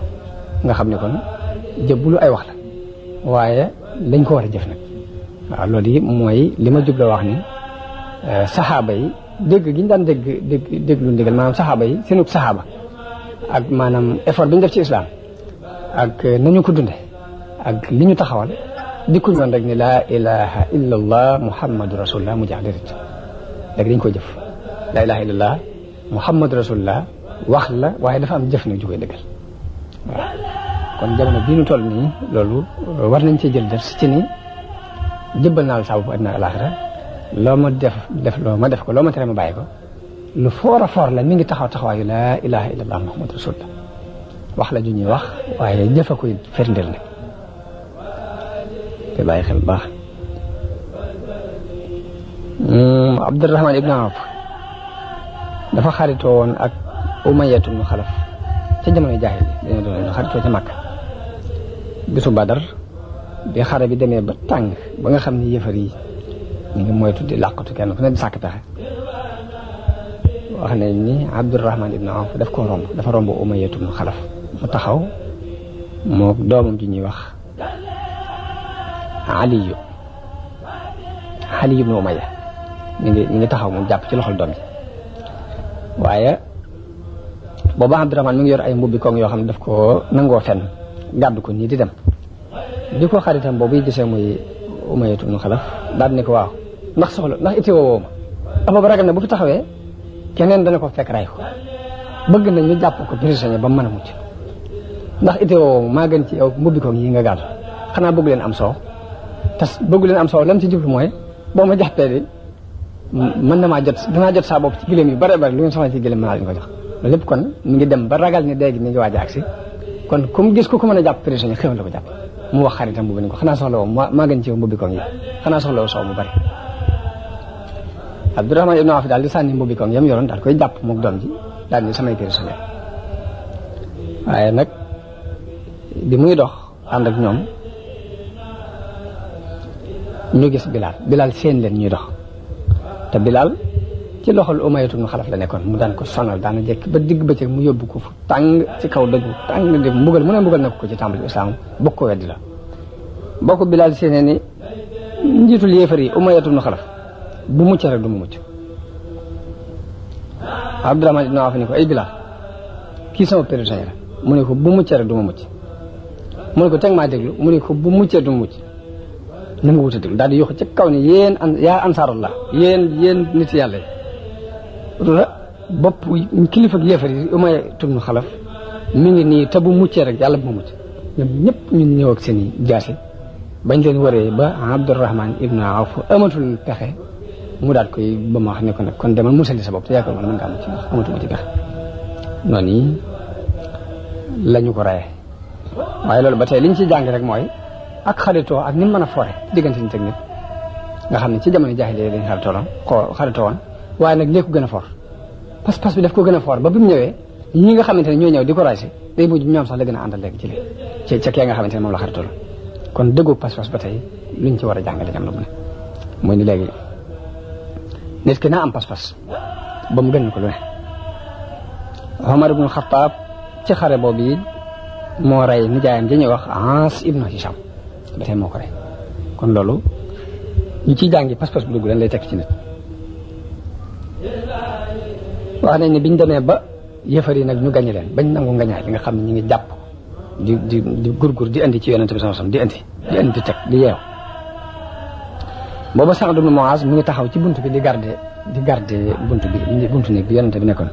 nga xam ne kon jëbbulu ay wax la waaye lañ ko war a jëf nag waaw loolu mooy li ma jubla wax ni euh, saxaaba yi dégg gi ñu daan dégg dégg déglu ndigal maanaam saxaaba yi seenub saxaaba ak maanaam effort bi def ci islam ak euh, nañu ko dunde ak li ñu taxawal dikkuñ woon rek ni laa ilaha illa allah muhammadu rasulullah mu jeex déedéet léegi dañ ko jëf laa ilaha illa allah muhammadu rasulullah wax la waaye dafa am jëf nag ju koy dëggal waaw kon jamono bii nu toll nii loolu war nañ cee jël def si ci ni jëbbal naa la saabu bu àddina alaaxira loo ma def def loo ma def ko loo ma tere ma bàyyi ko lu foor a foor la mi ngi taxaw taxawaayu laa ilaha illallah muhammad rasulullah wax la ju ñuy wax waaye jëf a koy ferndeel nag te bàyyi xel baax Abdurahman ibn Awf dafa xaritoo woon ak umayatu nu xalaf ca jamono jaahil dañoo doon xaritoo ca màkk bisu badar bi xare bi demee ba tàng ba nga xam ne yëfar yi ñu ngi moytu di làqatu kenn ku ne di sàkk pexe wax nañ ni abdurahman ibn awf def ko romb dafa romb umayatu nu xalaf mu taxaw moo doom ji ñuy wax aliyu aliyu ibnu umaya ñu ngi ngi taxaw moom jàpp ci loxol doom ji booba Abdourahmane mi ngi yor ay mbubbi koŋ yoo xam ne daf ko nangoo fenn gàddu ko nii di dem bi ko xaritam boobu yi gisee mooy umayatu nu xalaf daal ni ko waaw ndax soxla ndax itti woo ma aboobu ne bu fi taxawee keneen dana ko fekk ray ko bëgg na ñu jàpp ko prisonnier ba mu mën a mucc ndax itti woo ma maa gën ci yow mbubbi koŋ yi nga gàddu xanaa bëgg leen am soow te bëgg leen am soow lam ci jublu mooy boo ma jàppee di mën na maa jot danaa jot saa bopp ci gileem yu bare bare lu ñu soxla ci gileem mën naa leen ko jox lepp kon mu ngi dem ba ragal ni deg ni ngi kon kum gis ko ko meuna japp prison xew la ko japp mu wax xaritam bu ben ko xana soxla woo ma gën ci mbubi ko ngi xana soxla mu bari abdurrahman ibn afi daal di mbubi ko ngi yam yoron dal koy japp mook doom ji dal ni samay prison waaye nak bi muy dox and ak ñom ñu gis bilal bilal seen len ñuy dox te bilal ci loxol Umayyatu ibn Xalaf la nekkoon mu daan ko sonal daana jekk ba digg bëccëg mu yóbbu ko fu tàng ci kaw dëggu tàng di mbugal mu ne nekk ko ci tàmbali islaam bokk ko weddi la bokk Bilaal séenée ni njiitul yéefar yi Umayyatu ibn Xalaf bu mucc rek du mu mucc Abdurahmaan ibn Awf ni ko ay Bilaal kii sama prisonnier la mu ne ko bu mucc rek du ma ko teg maa déglu mu ne ko bu muccee du mu mucc na nga wut a déglu ci kaw ne yéen an yaa ansaarallah yéen yéen nit la bopp kilifa yéefar yi Umayya ibn Xalaf mi ngi nii te bu muccee rek yàlla bu ma mucc ñoom ñëpp ñun ñëw ak seeni i jaasi bañ leen waree ba Abdurahman ibn Awf amatul pexe mu daat koy ba ma wax ne ko nag kon demal sa bopp te yaakaar man mën ngaa mucc ndax amatuma ci pexe ko raye loolu ba tey liñ ci jàng rek mooy ak xaritoo ak ni mu mën a foore nga xam ne ci jamono jaahiliya lañ xaritoo waaye nag lee ko gën a fort pas-pas bi daf ko gën a foor ba bi mu ñëwee ñi nga xamante ne ñoo ñëw di ko raase day mujj ñoom sax la gën a àndal léegi ci li ci ca nga xamante ne moom la xaritol kon dëggu pas-pas ba tey luñ ci war a jàngale ñam la mooy ni léegi nit am pas-pas ba mu gën ko lu ne Omar ibn ci xare boobu yi moo rey nijaayam dañuy wax Aas ibnu Hisham ba tey moo ko rey kon loolu ñu ciy jàngi pas-pas bu dugg lan lay tekk ci nit wax nañ ne biñ demee ba yëfar yi nag ñu gañe leen bañ nangu ngañaay li nga xam ne ñu ngi jàpp di di di gurgur di andi ci yonent bi sama di andi di andi di teg di yeew booba Saad ibn Muaz mu ngi taxaw ci bunt bi di garde di garde bunt bi buntu néeg bi nekkoon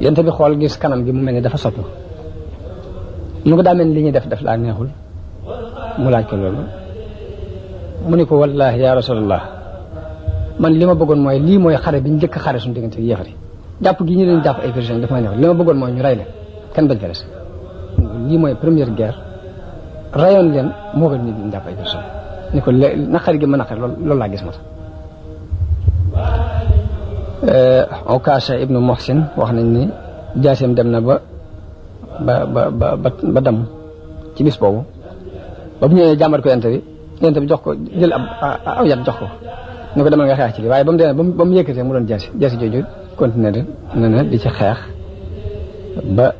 yonent bi xool gis kanam gi mu mel ne dafa soppi mu ngi daa mel li ñuy def def laa neexul mu laaj ko loolu mu ni ko wallahi ya rasulallah man li ma bëggoon mooy lii mooy xare bi njëkk xare suñu diggante ak yéefar yi jàpp gi ñu leen jàpp ay virgin dafa ma neex li ma mooy ñu rey leen kenn bañ fa des lii mooy première guerre leen moo gën nit ñi jàpp ni ko naqari gi ma naqari loolu laa gis ma tax Okasha euh, ibnu Mohsin wax nañ ni jaaseem dem na ba ba ba dam ci bis boobu ba bu ñëwee jàmbat ko yent bi yent bi jox ko jël ab jox ko ne ko demal nga xeex ci li waaye ba mu demee ba mu yëkkatee mu doon jaasi jaasi jooju continué na na di ci xeex ba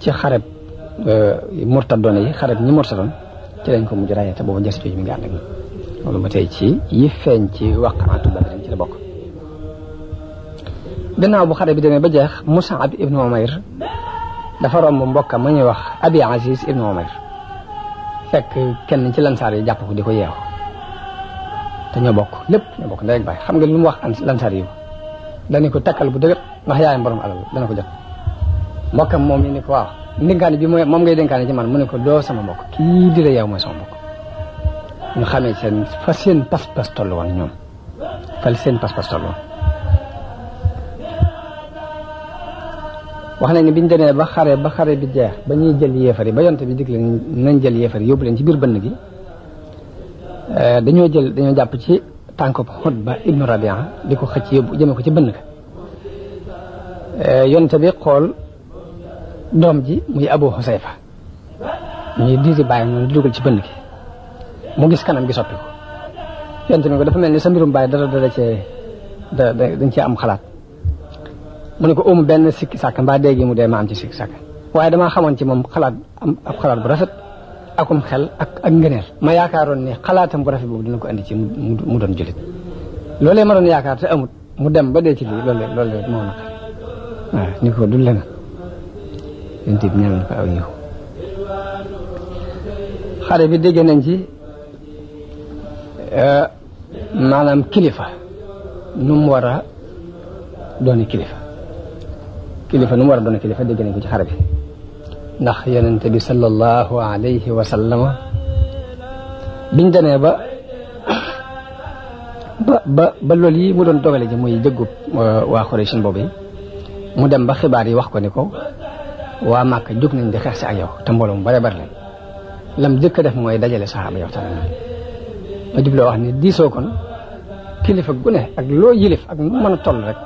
ci xareb murtadoon yi xareb ñi murtadoon ci lañ ko mujj rayee te boobu jaasi jooju mi ngi ànd ak loolu ba tey ci yi feeñ ci waqaatu badrin ci la bokk gannaaw bu xare bi demee ba jeex Mus'ab ibnu Umayr dafa romb mbokkam ma ñuy wax Abi Aziz ibnu Umayr fekk kenn ci lansaar yi jàpp ko di ko yeew te ñoo bokk lépp ñoo bokk ndey bay xam nga lu mu wax lansaar yi dañu ko takkal bu dëgër wax yaay borom alal dana ko jot mom ni ko wax ni nga ni bi mom ngay dénkaane ci man mu ne ko do sama mbokk ki di la yaw moy sama mbokk ñu xamé sen fa pas-pas tollu won ñoom fa sen pas-pas tollu wax nañ biñu biñ ba xare ba xare bi jeex ba ñuy jël yéefar yi ba yonte bi digle nañ jël yéefar yóbbu ci bir bënn gi Euh, dañoo jël dañoo jàpp ci tànk ba Utba ibnu Rabia di ko xëcc yóbbu jëme ko ci bënn ka euh, yonte bi xool doom ji muy Abu Xusayfa ñuy diiri bàyyi noonu di dugal ci bënn ki mu gis kanam gi soppi ko yonte bi ko dafa mel ni sa mbirum bàyyi dara dara cee da dañ cee am xalaat mu ni ko umu benn sikki sàkk mbaa dégg mu dee ma am ci sikki sàkk waaye damaa xamoon ci moom xalaat am ab bu rafet akum xel ak ak ngëneel ma yaakaaroon ne xalaatam bu rafe boobu dina ko andi ci mu doon jullit loolee ma doon yaakaar te amut mu dem ba dee ci lii loolu loolu moo ni ko dul leneen yéen bi ñaan ko aw yiw xare bi dégg nañ ci euh, maanaam kilifa nu mu war a doon kilifa kilifa nu mu war a doon kilifa dégg nañ ko ci xare bi ndax yonent bi sallallahu alayhi wa sallama biñ demee ba ba ba ba loolu mu doon dogale ji muy dëggub waa Xurayshin boobu yi mu dem ba xibaar yi wax ko ni ko waa Màkka jóg nañ di xeex si ak yow te mbooloo mu bare bari lañ lam jëkk def mooy dajale saxaaba yow tamit ma jubloo wax ni diisoo kon kilifa gu ne ak loo yilif ak nu mën a toll rek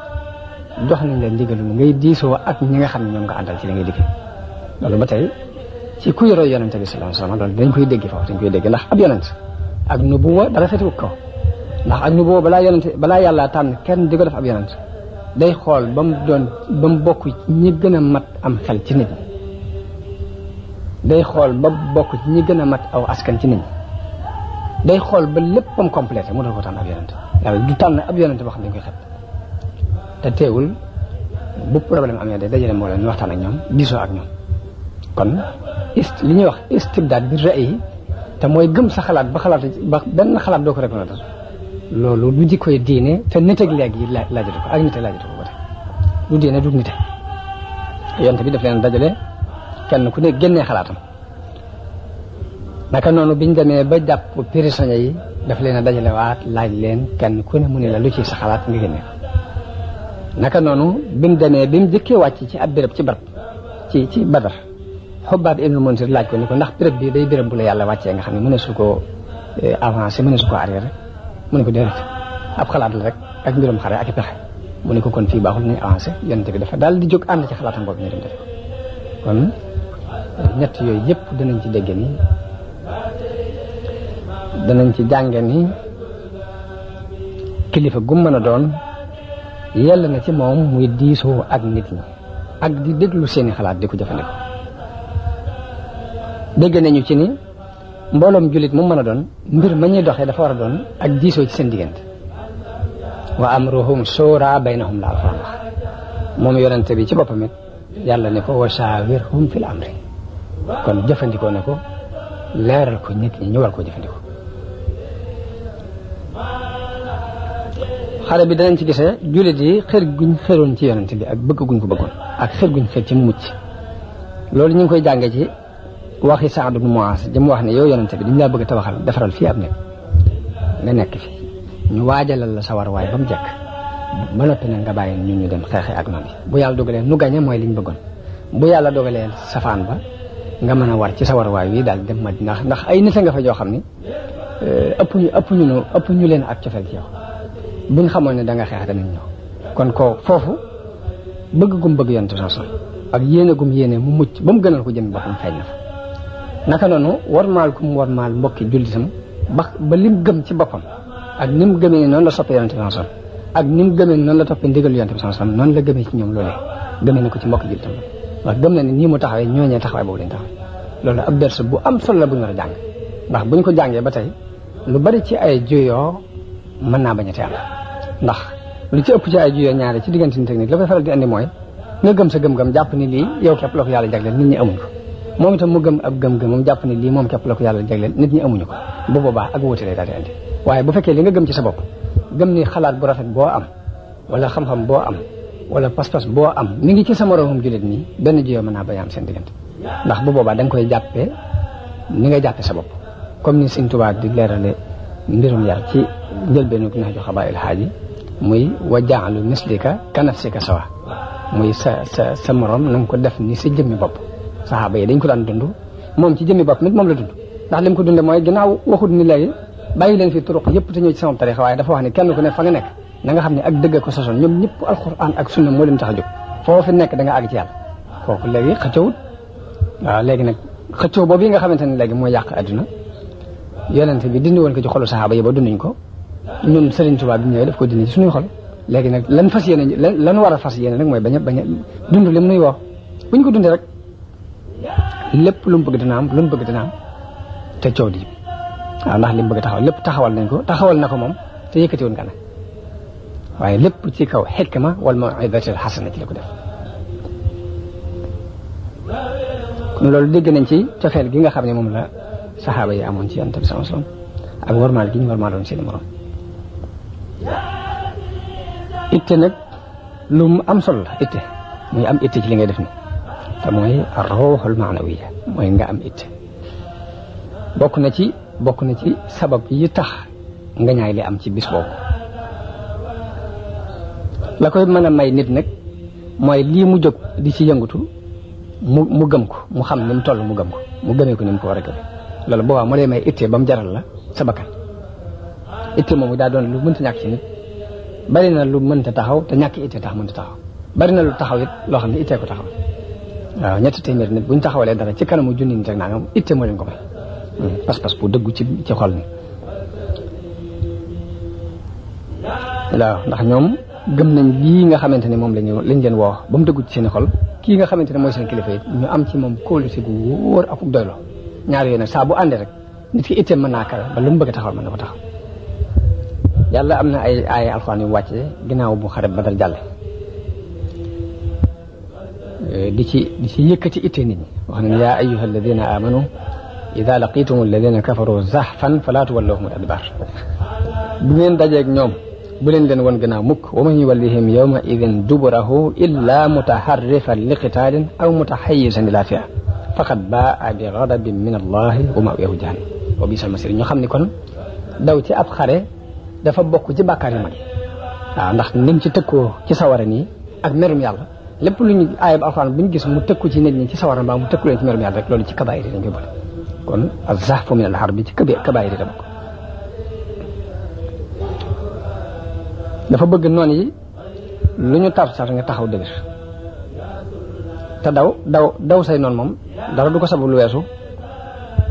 jox nañ la ndigalul ngay diisoo ak ñi nga xam ne ñoom nga àndal ci li ngay liggéey loolu ba tey ci kuy roy yonente bi sallallahu alayhi wa sallam loolu dañ koy dégg foofu dañ koy dégg ndax ab yonent ak nubuwa dara fetiwu ko ndax ak nubuwa balaa yonente balaa yàlla tànn kenn di ko def ab yonent day xool ba mu doon ba mu bokk ñi gën a mat am xel ci nit ñi day xool ba bokk ñi gën a mat aw askan ci nit ñi day xool ba léppam complété mu doon ko tànn ab yonent yàlla du tànn ab yonent boo xam dañ koy xet te teewul bu problème amee day dajale mbooloo ñu waxtaan ak ñoom diisoo ak ñoom kon li ñuy wax istibdaad bi ra'y yi te mooy gëm sa xalaat ba xalaat ba benn xalaat doo ko reconnaître loolu du jikkoy diine te nit ak léegi laajatu ko ak nit ak laajatu bi daf leen dajale kenn ku ne génnee xalaatam naka noonu biñ demee ba jàpp prisonnier yi daf leen a laaj leen kenn ku ne mu ne la lu ci sa xalaat nga génne naka noonu bi mu demee bi mu jëkkee wàcc ci ab béréb ci barab ci ci badar xobbaab ibnu Munzir laaj ko ni ko ndax béréb bi day béréb bu la yàlla wàccee nga xam ne mën na ko eh, avancé mën na su ko arrière mu ko déedéet ab xalaat rek ak mbirum xare ak i pexe mu ne ko kon fii baaxul nañ avancé yonent bi dafa daal di jóg ànd ci xalaatam boobu ñu dem def kon eh, ñett yooyu yëpp danañ ci dégg danañ ci jànge ni kilifa gu mën a doon yell na ci moom muy diisoo ak nit ak di déglu seeni xalaat di ko jëfandikoo dégg ñu ci ni mbooloom jullit mu mën a doon mbir ma ñuy doxee dafa war a doon ak diisoo ci seen diggante wa amruhum shura baynahum la alquran wax moom yonente bi ci boppam it yàlla ne ko wa shawirhum fi amri kon jëfandikoo na ko leeral ko nit ñëwal ñu koo jëfandikoo xare bi danañ ci gisee jullit yi xër guñ xëroon ci yonente bi ak bëgg guñ ko bëggoon ak xër guñ xër ci mucc loolu ñu koy jànge ci waxi saad ibn muas jëm wax ne yow yonante bi dañ la bëgg tabaxal defaral fi ab nekk nga nekk fi ñu waajalal la sawar waay ba mu jekk ba noppi nga bàyyi ñu ñu dem xeexe ak noon bu yàlla dogalee nu gañe mooy liñ bëggoon bu yàlla dogalee safaan ba nga mën a war ci sawar waay wi daal dem ma ndax ndax ay nit nga fa joo xam ni ëpp ñu ëpp ñu ëpp ñu leen ak cofeel ci yow buñ xamoon ne da nga xeex danañ ñëw kon ko foofu bëgg gum bëgg yonante ak yéene gum yéene mu mucc ba mu gënal ko jëm boppam feeñ na fa naka noonu warmaal ku mu warmaal mbokki jullitam ba ba lim gëm ci boppam ak ni mu gëmee noonu la soppee yonente bi ak ni mu gëmee noonu la toppee ndigal yonente bi sallallahu alayhi wasallam noonu la gëmee ci ñoom loolee gëmee na ko ci mbokki jullitam ndax gëm na ne nii mu taxawee ñooñee taxawaay boobu lañ taxawee loolu ab ders bu am solo la bu ñu war ndax bu ñu ko jàngee ba tey lu bari ci ay juyoo mën naa bañ a ndax lu ci ëpp ci ay juyoo ñaare ci diggante ni technique la koy di andi mooy nga gëm sa gëm jàpp ni lii yow képp loolu ko yàlla jagleel nit ñi amuñ moom itam mu gëm ab gëm-gëmam jàpp na lii moom képp la ko yàlla jagleel nit ñi amuñu ko bu boobaa ak wóote lay daal waaye bu fekkee li nga gëm ci sa bopp gëm ni xalaat bu rafet boo am wala xam-xam boo am wala pas-pas boo am mi ngi ci sa moroomam jullit nii benn jiyoo mën naa bañ am seen diggante ndax bu boobaa danga koy jàppee ni nga jàppee sa bopp comme ni Sëñ Tuubaa di leerale mbirum yar ci njëlbeenu nax ju xabaayil xaaji muy wa jaalu mislika kanafsika sawa muy sa sa sa morom na nga ko def ni sa jëmmi bopp saxaaba yi dañ ko daan dund moom ci jëmmi bopp nag moom la dund ndax li ko dundee mooy ginnaaw waxut ni léegi bàyyi leen fi turuq yëpp te ñëw ci sama waaye dafa wax ne kenn ku ne fa nekk na nga xam ne ak dëgg ko sosoon ñëpp alquran ak sunna moo leen tax a jóg foo fi nekk da nga àgg ci yàlla kooku léegi xëccowut waaw léegi nag xëccoo boobu yi nga xamante ne léegi mooy yàq adduna yonente bi dindi woon ko ci xolu saxaaba yi ba dunduñ ko ñun Serigne Touba bi ñëwee daf ko dindi ci suñuy xol léegi nag lan fas yéene lan war fas yéene nag mooy bañ a dund lim nuy wax buñ ko dundee rek lépp lu mu bëgg dina am lu bëgg dina te coow di waaw ndax li mu bëgg taxawal lépp taxawal nañ ko taxawal na ko moom te yëkkatiwul nga nag waaye lépp ci kaw xikma wal maw'izatil xasana ci ko def. loolu dégg nañ ci cofeel gi nga xam ne moom la saxaaba yi amoon ci Yonent bi sallallahu alayhi wasallam ak warmaal gi ñu warmaaloon seen morom itte nag lu am solo la itte muy am itte ci li ngay def nii. te mooy ruuxul maanawiya mooy nga am it bokku na ci bokku na ci sabab yi tax nga ñay li am ci bis bokku la koy mën may nit nak moy li mu jog di ci yëngutu mu mu gëm ko mu xam ni mu toll mu gëm ko mu gëmee ko ni mu ko wara gëm lolu bo wa mo lay may ittee bam jaral la sabakan bakkan momu da doon lu mënta ñak ci nit bari na lu mënta taxaw te ñak ittee tax mënta taxaw bari na lu taxaw it lo xamni ne ko taxaw waaw ñetti téeméer nit bu ñu taxawalee dara ci kanamu junni nit rek naa ngam itte moo leen ko may hmm, pas-pas bu dëggu ci ci xol ni ndax ñoom gëm nañ lii nga xamante ne moom lañu lañ leen woo ba mu dëggu ci seen xol kii nga xamante ne mooy seen kilifa yi ñu ci moom kóolute gu wóor ak doylo ñaar yooyu nag saa àndee rek nit ki itte mën naa kawe ba lu mu bëgg taxaw taxawal mën na ko taxaw yàlla am na ay ay alxuraan yu wàcce ginnaaw bu xare badal jàlle لكي يكتي إتنين وهنا يا أيها الذين آمنوا إذا لقيتم الذين كفروا زحفا فلا تولوهم الأدبار بمين دجاج نوم بلين لن وان جنا مك ومن يوليهم يوم إذن دبره إلا متحرفا لقتال أو متحيزا إلى فئة فقد باء بغضب من الله وما يهجان وبيس المسير نخم نكون دوتي أبخاري دفبوكو جبا كاريما آه نخ تكو كي سوارني أكمر lépp lu ñu aayab alxuraan bi ñu gis mu tëkku ci nit ñi ci sawara mbaa mu tëkku leen ci merum yàlla rek loolu ci kabaayir yi lañ koy boole kon azahfu min alxar bi ci kabaayir yi la bëgg noon yi lu ñu tar-tar nga taxaw dëgër te daw daw daw say noonu moom dara du ko sabab lu weesu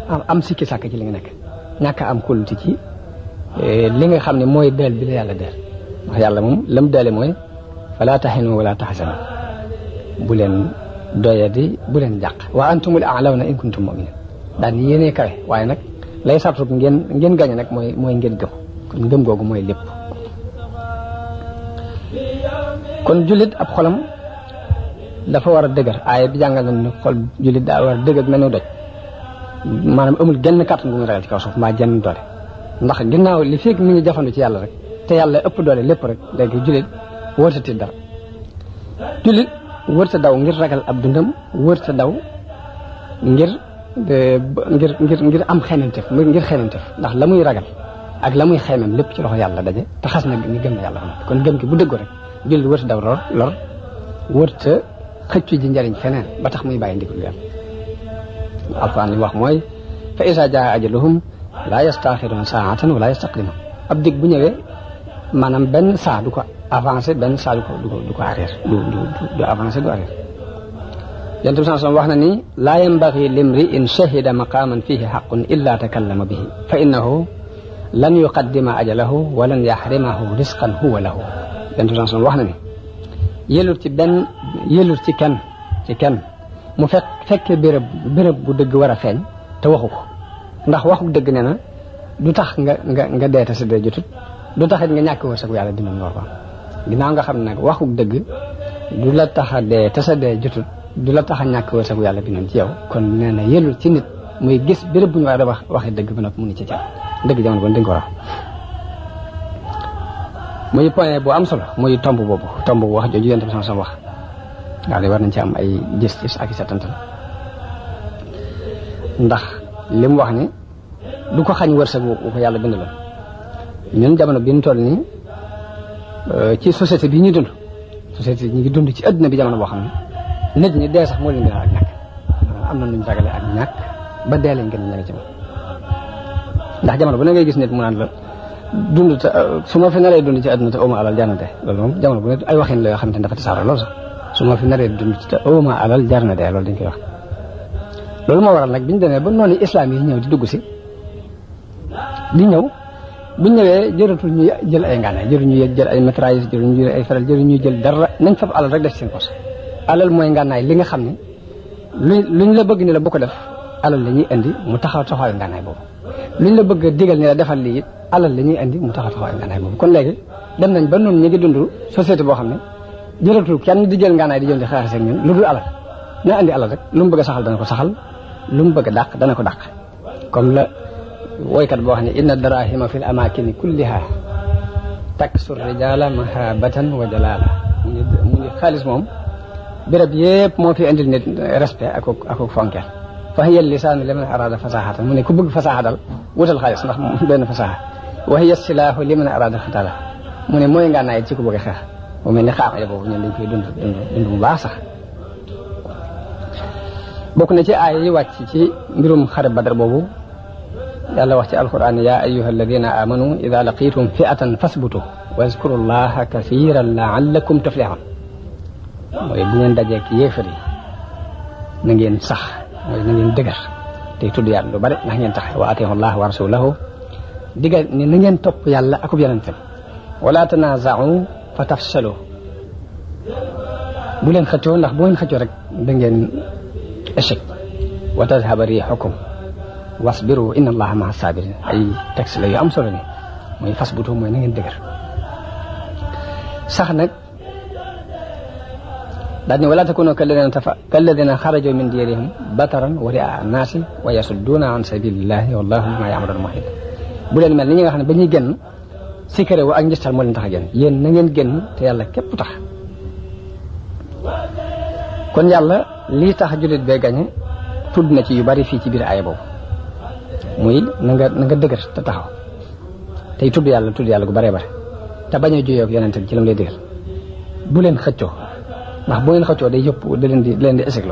am am sikki sàkk ci li nga nekk ñàkk am kóllute ci eh, li nga xam ne mooy deel bi la yàlla deel ndax yàlla moom lam deele mooy fala taxinu wala taxasanu bulen doya doyadi bulen jak, jàq wa antumul aalawna in kuntum muminin dan yene kay waaye nak lay satru ngeen ngeen gagne nak moy moy ngeen gëm kon ngëm gogu moy lepp kon julit ab xolam dafa wara deugar dëgër bi jangal na ni xol julit da wara a dëgër mel doj manam amul genn kat gu ragal ci kaw suuf ma genn doore ndax ginnaw li fek mi ngi jafandu ci yalla rek te yalla ëpp doole lepp rek léegi julit wotati dara julit wër sa daw ngir ragal ab dundam wër ta daw ngir ngir ngir ngir am xeemanteef ngir xeemanteef ndax la muy ragal ak la muy xeemam lépp ci loxo yàlla daje te xas na ni gëm na yàlla xam kon gëm bu dëggoo rek julli wër sa daw lor wër sa xëccu ji njëriñ feneen ba tax muy bàyyi ndigalu yàlla alquran li wax mooy fa isa jaa ajaluhum laa yastaaxiruuna saatan wala yastaqdimuun ab dig bu ñëwee maanaam benn saa ko avancé benn saa du ko du du ko du du du avancé du arrière yonent bi wax na ni laa yanbaghi limri in shahida maqaman fihi haqqun illa takallama bihi fa innahu lan yuqaddima ajalahu wa lan yahrimahu risqan huwa lahu yonent bi sallallahu wax na ni ci benn ci kenn ci kenn mu fekk fekkee béréb béréb bu dëgg war a feeñ te waxu ko ndax waxu dëgg nee na du tax nga nga nga deeta sa dee jotut du taxit nga ñàkk wërsëgu yàlla dina noor ko ginnaaw nga xam ne nag waxu dëgg du la taxa a dee te sa dee jotut du la tax a ñàkk wërsëgu yàlla bi noonu ci yow kon nee na yëlul ci nit muy gis béréb bu ñu war a wax waxee dëgg ba nag mu ngi ci cat dëgg jamono bon dañ ko wax muy point bu am solo muy tomb boobu tomb bu wax jooju yonent bi sama wax daal war nañ ci am ay gis-gis ak i setantal ndax li wax ni du ko xañ wërsëg wu ko yàlla bind la ñun jamono bi ñu Euh, ci société bi ñu dund société ñu ngi dund ci adduna bi jamono boo xam ne nit ñi dee sax moo leen gënal euh, ak ñàkk am na ba dee leen a ñeme ndax jamono bu ne ngay gis nit mu naan la dund te su ma fi naree dund ci adduna te awma alal jaarnate loolu moom jamono bu ne ay waxin la xamante dafa tasaaroo lool sax su ma fi naree dund ci te awma alal jaarnate loolu dañ koy wax loolu moo waral nag biñ demee ba noonu islam yi ñëw di dugg si di ñëw buñ ñëwee jëratul ñu jël ay ngane jëru ñu jël ay matrailles jëru ñu jël ay faral jëru ñu jël dara nañ fa alal rek def seen poche alal moy nganaay li nga xam luñ la bëgg ni la bu ko def alal lañuy indi mu taxaw taxaw nganaay bobu luñ la bëgg digal ni la defal lii alal lañuy indi mu taxaw taxaw nganaay bobu kon légui dem nañ ba ñun ñi ngi dund société bo xam jëratul kenn di jël nganaay di jël di xaar seen ñun luddul alal na andi alal rek lu mu bëgg saxal dana ko saxal lu mu bëgg dakk dana ko dakk comme la ويكت بوحنا إن الدراهم في الأماكن كلها تكسر الرجال محابة وجلالة من خالص مهم برب يب مو في عند النت رسبة أكو أكو فانك فهي اللسان لمن أراد فصاحة من كبق فصاحة وش الخالص بين فصاحة وهي السلاح لمن أراد الختالة من مو ينقى نايت كبق خا ومن خا يبو من اللي في دون دون دون باصة بكون أي وقت شيء بروم خرب بدر بابو يلا وحتي القرآن يا أيها الذين آمنوا إذا لقيتم فئة فاثبتوا واذكروا الله كثيرا لعلكم تفلحون موي بو نين داجي كيفري صح موي نين دغر تي تود يالا بار نا نين تخ واتي الله ورسوله ديغا ني توب يالا اكو يالنتم ولا تنازعوا فتفشلوا بولين خاتيو ناخ بوين خاتيو رك دا نين اشك وتذهب ريحكم واصبروا ان الله مع الصابرين اي تكس لي ام سولني موي فاسبوتو موي نين دغر صح نك لأن ولا تكونوا كالذين, تف... كالذين خرجوا من ديارهم بطرا ورعاء الناس ويصدون عن سبيل الله والله ما يعمر المحيط بلان ما لنجا خانا بني جن سكره وانجستر مولن تخا جن ين نجن جن تيالا كيب تخ كون يالا لي تخ جلد بيغاني تود نتي يباري في تبير آيبو muy na nga na dëgër te taxaw tey tudd yàlla tudd yàlla gu bëree bare te bañ a juyoo ak yonent bi ci lam bu leen xëccoo ndax bu leen xëccoo day yëpp da leen di leen di échec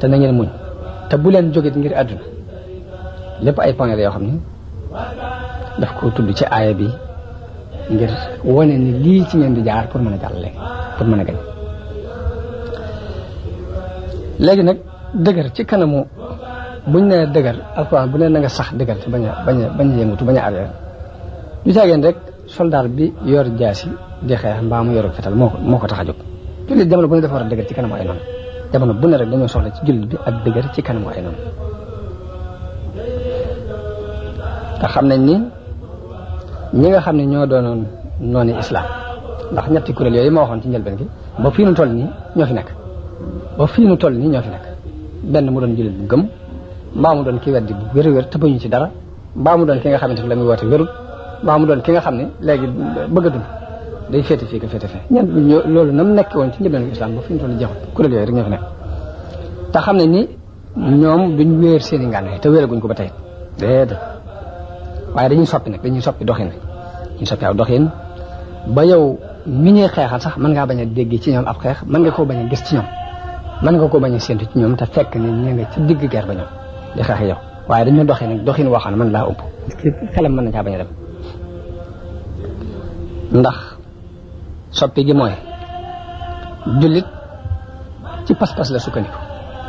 te na ngeen muñ te bu leen jógit ngir àdduna lépp ay point la yoo xam ni daf ko tudd ci aaya bi ngir wane ni lii ci ngeen di jaar pour mën a jàll léegi pour mën a gañ dëgër ci kanamu buñ nee dëgër alxuraan bu ne na sax dëgër te bañ a bañ bañ a yëngatu a arrière du caageen rek soldaar bi yor jaasi di xeex mbaa mu yoru fetal moo ko moo ko tax a jóg jullit jamono bu ne ci kanamu jamono bu ne rek dañoo ci jullit bi ak dëgër ci kanamu ay noonu te xam nañ ni ñi nga xam ne ñoo doonoon noonu islam ndax ñetti kuréel yooyu ma waxoon ci njëlbeen gi ba fii nu toll nii ñoo fi nekk ba fii nu toll nii ñoo fi nekk benn mu doon jullit bu gëm mbaa mu doon ki weddi bu wér wér te bañu ci dara mbaa mu doon ki nga xamante ne la muy woote wérul mbaa mu doon ki nga xam ne léegi bëggatul day féete fii ko féete fee loolu nam nekk woon ci njëlbeen islam ba fi ñu toll jeexut kuréel yooyu rek ñoo fi te xam ne ni ñoom duñ wéer seeni i ngànnaay te wéeraguñ ko ba tey déedéet waaye dañuy soppi nag dañuy soppi doxin dañuy soppi aw doxin ba yow mi ñuy xeexal sax mën ngaa bañ a dégg ci ñoom ab xeex mën nga koo bañ a gis ci ñoom mën nga koo bañ a séentu ci ñoom te fekk ne ña ci digg guerre ba ñoom di ya, xex yow waaye dañu ma doxee nag doxin woo xam ne man laa ëpp xelam mën na caa bañ dem ndax soppi gi mooy jullit ci pas-pas la sukkandiku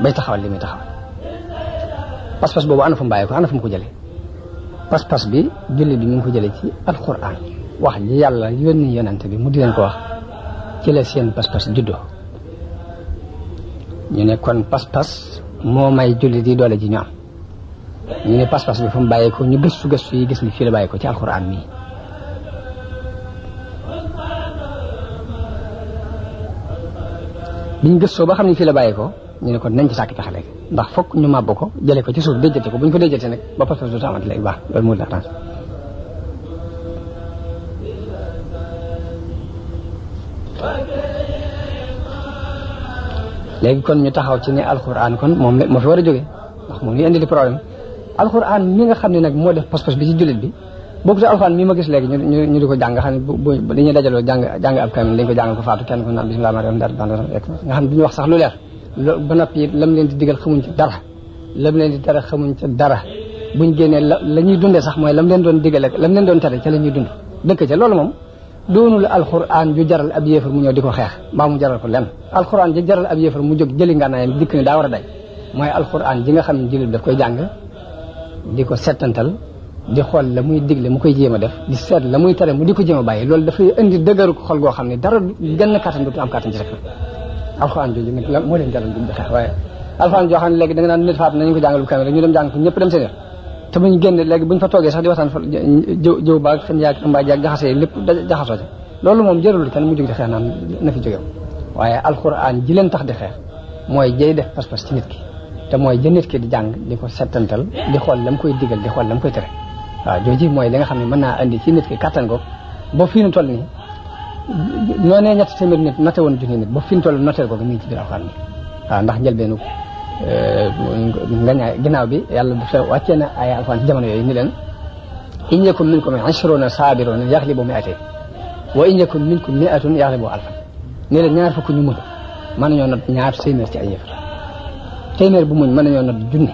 bay taxawal li muy taxawal pas-pas boobu ana fu ko ana fu ko jëlee pas-pas bi julli bi ñu ko jëlee ci alquran wax ji yàlla yónni yonante bi mu di leen ko wax ci la seen pas-pas juddoo ñu ne kon pas-pas moo may jullit yi doole ji ñu am ñu ne pas-pas bi fu mu bàyyee ko ñu gëstu gëstu yi gis ni fii la bàyyee ko ci alxuraan mii biñ gëstoo ba xam ne fii la bàyyee ko ñu ne kon nañ ci sàkk pexe léegi ndax fokk ñu màbb ko jëlee ko ci suuf déjjate ko bu ñu ko déjjate nag ba pas-pas du taamante léegi baax loolu moo di la léegi kon ñu taxaw ci ne alxuraan kon moom moo fi war a jógee moo moom ñu indi li problème alxuraan mi nga xam ne nag moo def pas-pas bi ci jullit bi bokkul ak ma gis léegi ñu ñu di ko jàng xam ne bu dañuy dajaloo jàng jàng ab kamil dañ ko jàng ko faatu kenn ko naan bismillah ma dar nga xam ne duñu wax sax lu leer ba noppi lam leen di digal xamuñ ci dara lam leen di tere xamuñ ci dara buñ génnee la la ñuy dundee sax mooy lam leen doon digale lam leen doon tere ca la ñuy dund dëkk ca loolu moom doonul alxuraan ju jaral ab yéefar mu ñëw di ko xeex mbaa mu jaral ko lenn alxuraan ji jaral ab yéefar mu jóg jëli ngànnaayam dikk ne daa war a day mooy ji nga xam ne jullit daf koy jàng di ko settantal di xool la muy digle mu koy jéem def di seet la muy tere mu di ko a bàyyi loolu dafay indi dëgëru goo xam ne dara genn kàttan dootu am kàttan ci rek moo leen jaral di xeex waaye alxuraan joo bu kaamil ñu dem jàng ko ñëpp dem seen te buñ génn léegi ñu fa toogee sax di waxtaan jëw jëw baag fen yaag mbaa jaag jaxase lépp jaxasoo ci loolu moom jërul kenn mu jóg di xeex naan na fi jógew waaye alquran ji leen tax di xeex mooy jëy def pas-pas ci nit ki te mooy jë nit ki di jàng di ko settantal di xool lam koy digal di xool mu koy tere waaw jooju mooy li nga xam ne mën naa andi ci nit ki kattan ko ba fii nu toll nii noo nee ñetti téeméer nit noté woon junni nit ba fii nu toll noteel ko mi ngi ci biir alquran bi waaw ndax njëlbeenu ngañaay ginnaaw bi yàlla dafa wàccee na ay alfaan ci jamono yooyu ni leen in yakum minkum ashruna sabiruna yaxlibu mi'atin wa in yakum minkum mi'atun yaxlibu alfan ni leen ñaar fukk ñu muñ mën nañoo not ñaar téeméer ci ay yëfar téeméer bu muñ mën nañoo not junne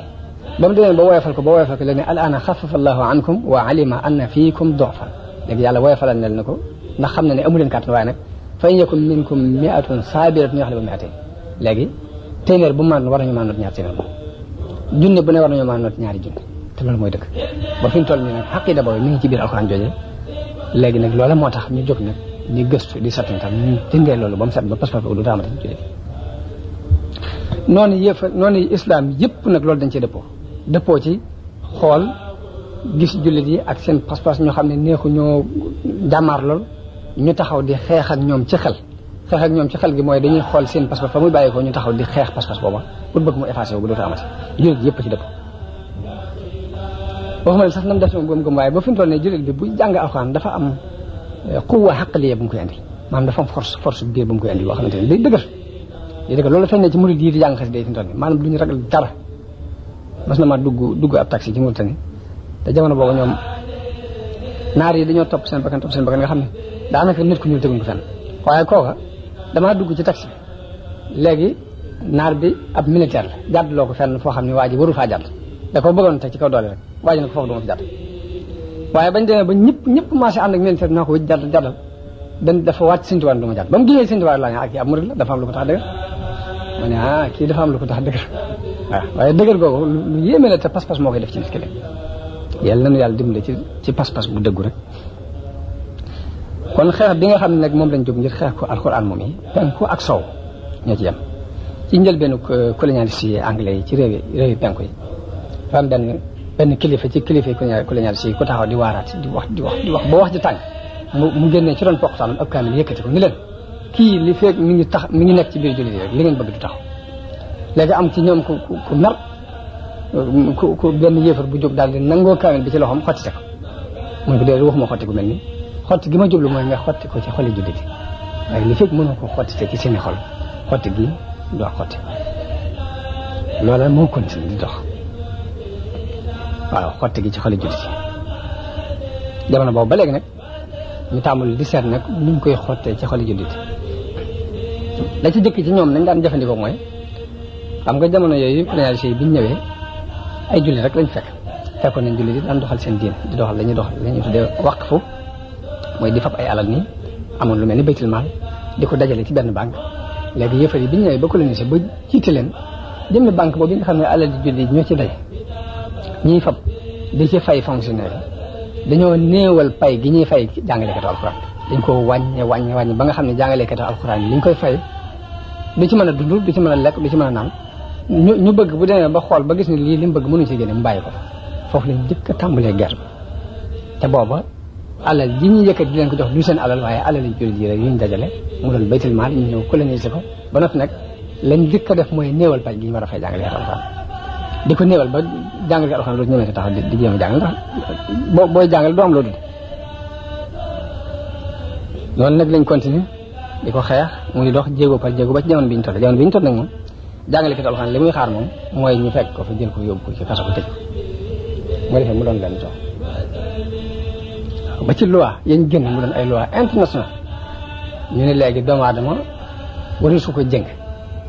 ba mu demee ba woyofal ko ba woyofal ko léegi ne al ana xafafa allahu ankum wa alima anna fiikum dofan léegi yàlla woyofalal na ko ndax xam na ne amu leen kàttan waaye nag fa in yakum minkum mi'atun sabiratun yaxlibu mi'atin léegi téeméer bu maandu war a maandoot ñaar téeméer moom junne bu ne war nañoo maandoot ñaari junne te loolu mooy dëkk ba fi ñu toll nii nag xaqida boobu mi ngi ci biir alxuraan jooje léegi nag loola moo tax ñu jóg nag di gëstu di sattantal ñu jëndee loolu ba mu set ba pas-pas boobu du daamata ñu jëlee noonu yëfa noonu islam yëpp nag loolu dañ cee dëppoo dëppoo ci xool gis jullit yi ak seen pas-pas ñoo xam ne neexu ñoo jàmmaar lool ñu taxaw di xeex ak ñoom ci xel xex ak ñoom ci xel gi mooy dañuy xool seen pas-pas fa muy bàyyi ko ñu taxaw di xeex pas-pas booba bu bëgg mu effacé wu bu dootu amati julit yépp ci dëpp waxuma ne sax nam def ñoom gëm-gëm waaye ba fi mu toll ne julit bi bu jàng alxuraan dafa am eh, quwa xaqaliya bu mu koy andi maanaam dafa am force force biir bu mu koy andi boo xamante ne day dëgër day dëgër loolu feeñ ne ci murid yi di jàng xas day fi mu toll ne maanaam duñu ragal dara mas na ma dugg dugg ab taxi ci Mauritanie te jamono boobu ñoom naar yi dañoo topp seen bakkan topp seen bakkan nga xam ne daanaka nit ku ñu teguñ ko fenn waaye kooka damaa dugg ci taxi léegi naar bi ab militaire la jàddaloo ko fenn foo xam ne waa ji waru faa jàdd da ko bëggoon teg ci kaw doole rek waa ji na ko waaye bañ demee ba ñëpp ñëpp marché ànd ak militaire bi naa ko wëj jàdd jàddal dañ dafa waat waan du ma jàdd ba mu génnee sintuwaan laa ne ak ah, kii ab murid la dafa am lu ko tax dëgër ma ne ah kii dafa am lu ko tax dëgër waaw ah. waaye dëgër googu lu yéeme la te pas-pas moo koy def ci nit ki yàlla nañu yàlla dimbale ci ci pas-pas bu dëggu rek kon xeex bi nga xam ne nag moom lañ jóg ngir xeex ko alxuraan moom yi penku ak sow ñoo ci yem ci njëlbeenu euh, colonialiste yi anglais yi ci réew yi yi penku yi dafa am kilifa ci kilifa yi colonialiste yi ku taxaw di waaraat wax di wax di wax ba wax ji tàng mu mu génnee ci doon poqtaanam ab kaamil yëkkati ko ni leen kii mi ngi tax mi ngi nekk ci biir jullit yi rek li léegi am ci ñoom ku ku mer ku ku benn yéefar bu jóg daal di nangoo kaamil bi ci loxoom xottite ko mooy bu dee waxuma xotti gu mel nii xotti gi ma jublu mooy nga xotti ko ci xoli julliti waaye li fekk mënoo ko xotti te ci seen i xol xotti gi doo xotti loola moo continue di dox waaw xotti gi ci xoli julliti jamono boobu ba léegi nag ñu tàmbali di seet nag nuñ koy xottee ci xoli julliti la ci jëkk ci ñoom nañ daan jëfandikoo mooy xam nga jamono yooyu énergie bi ñu ñëwee ay jullit rek lañ fekk fekkoon nañ jullit yi daan doxal seen diin di doxal la ñuy doxal la ñuy tuddee waqfu mooy di fab ay alal nii amoon lu mel ni baytul maal di ko dajale ci benn banque léegi yëfar bi ñu ñëwee ba colonisé ba jiite leen jëmmi banque boobu nga xam ne alal di julli ñoo ci day ñiy fab di ci fay fonctionnaire dañoo néewal pay gi ñuy fay jàngalekatu alxuraan dañ ko wàññe wàññe wàññe ba nga xam ne jàngalekatu alxuraan yi li ñu koy fay du ci mën a dund du ci mën a lekk du ci mën a naan ñu ñu bëgg bu demee ba xool ba gis ne lii li mu bëgg mënuñ ci génne mu bàyyi ko foofu lañ jëkk a tàmbalee guerre te booba alal yi ñu yëkkat di leen ko jox du seen alal waaye alal yi jullit yi rek yu ñu dajale mu doon baytul maal ñu ñëw coloniser ko ba noppi nag lañ dëkk a mooy néewal paj gi war a fay jàngalee alxuraan di ko néewal ba jàngale alxuraan loolu ko tax di jéem a jàngal ndax boo booy jàngal doo am loo nag lañ continuer di ko xeex muy dox jéego par jéego ba ci bi ñu toll jamono bi ñu toll nag moom li muy xaar moom mooy ñu fekk ko fa jël ko yóbbu ko ci ko tëj ko mu defee ba ci loi yañ génn mu doon ay loi international ñu ne léegi doomu aadama wari su ko jëng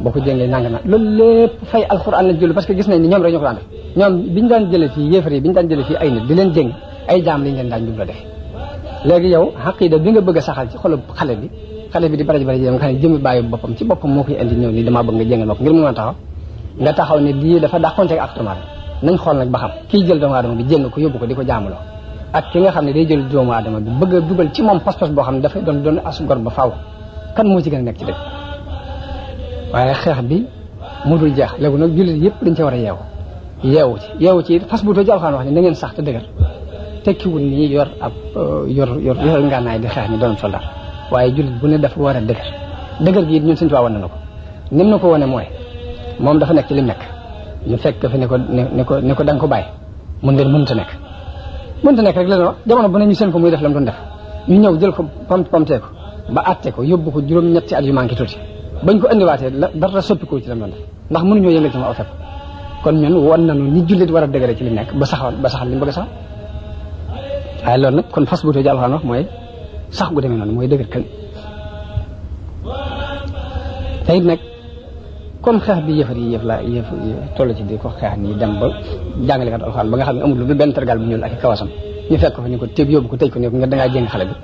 boo ko jëngee nanga na loolu lépp fay alxuraan ni ñoom rek ñoo ko daan def ñoom biñu daan jële yi biñu daan jële fii ay nit di leen jëng ay jaam lañ leen daan jubla def bi nga bëgg a saxal ci xolub xale bi xale bi di baraj baraj nga xam ne jëmi bàyyi boppam ci boppam moo koy indi ñëw nii damaa bëgg nga jëngal ma ko ngir mu mën a taxaw nga taxaw ne lii dafa dàqonteeg ak tumaar nañ xool nag ba xam kii jël doomu aadama bi jëng ko yóbbu ko di ko jaamuloo ak ki nga xam ne day jël doomu aadama bi bëgg a dugal ci moom pas-pas boo xam ne dafay doon doon as gor ba faaw kan moo ci gën a nekk ci dëgg waaye xeex bi mu dul jeex léegi nag jullit yëpp dañ ca war a yeewu yeewu ci yeewu ci fas bu too ci alxaan wax ne na ngeen sax te dëgër tekkiwul nii yor ab euh, yor yor yor ngànnaay di xeex ni doon soldat waaye jullit bu ne war a dëgër dëgër gi it ñun suñu wane na ko nim na ko wane mooy moom dafa nekk ci li nekk ñu fekk fi ne ko ne ko ne ko da ko bàyyi mun leen mënut a nekk mënta nekk rek la no jamono bu ne ñu seen ko muy def lam doon def ñu ñëw jël ko pam pamtee ko ba àtte ko yóbbu ko juróom-ñetti at yu manqué tuuti bañ ko indiwaatee dara soppikoo ci lam doon def ndax mënuñoo yëngal ci ma aw fekk kon ñun won nañu ñi jullit war a dëgëre ci li nekk ba saxal ba saxal li mu bëgg a saxal waaye kon fas butoo ji alxuraan wax mooy sax gu demee noonu mooy dëgër kan tey comme xeex bi yëfat yi yëf la yëf toll ci di ko xeex nii dem ba jàngalekat alxuraan ba nga xam ne amul lu benn tergal bu ñuul ak kawasam ñu fekk fa ñu ko tëb yóbbu ko tëj ko ne nga dangaa jéng xale bi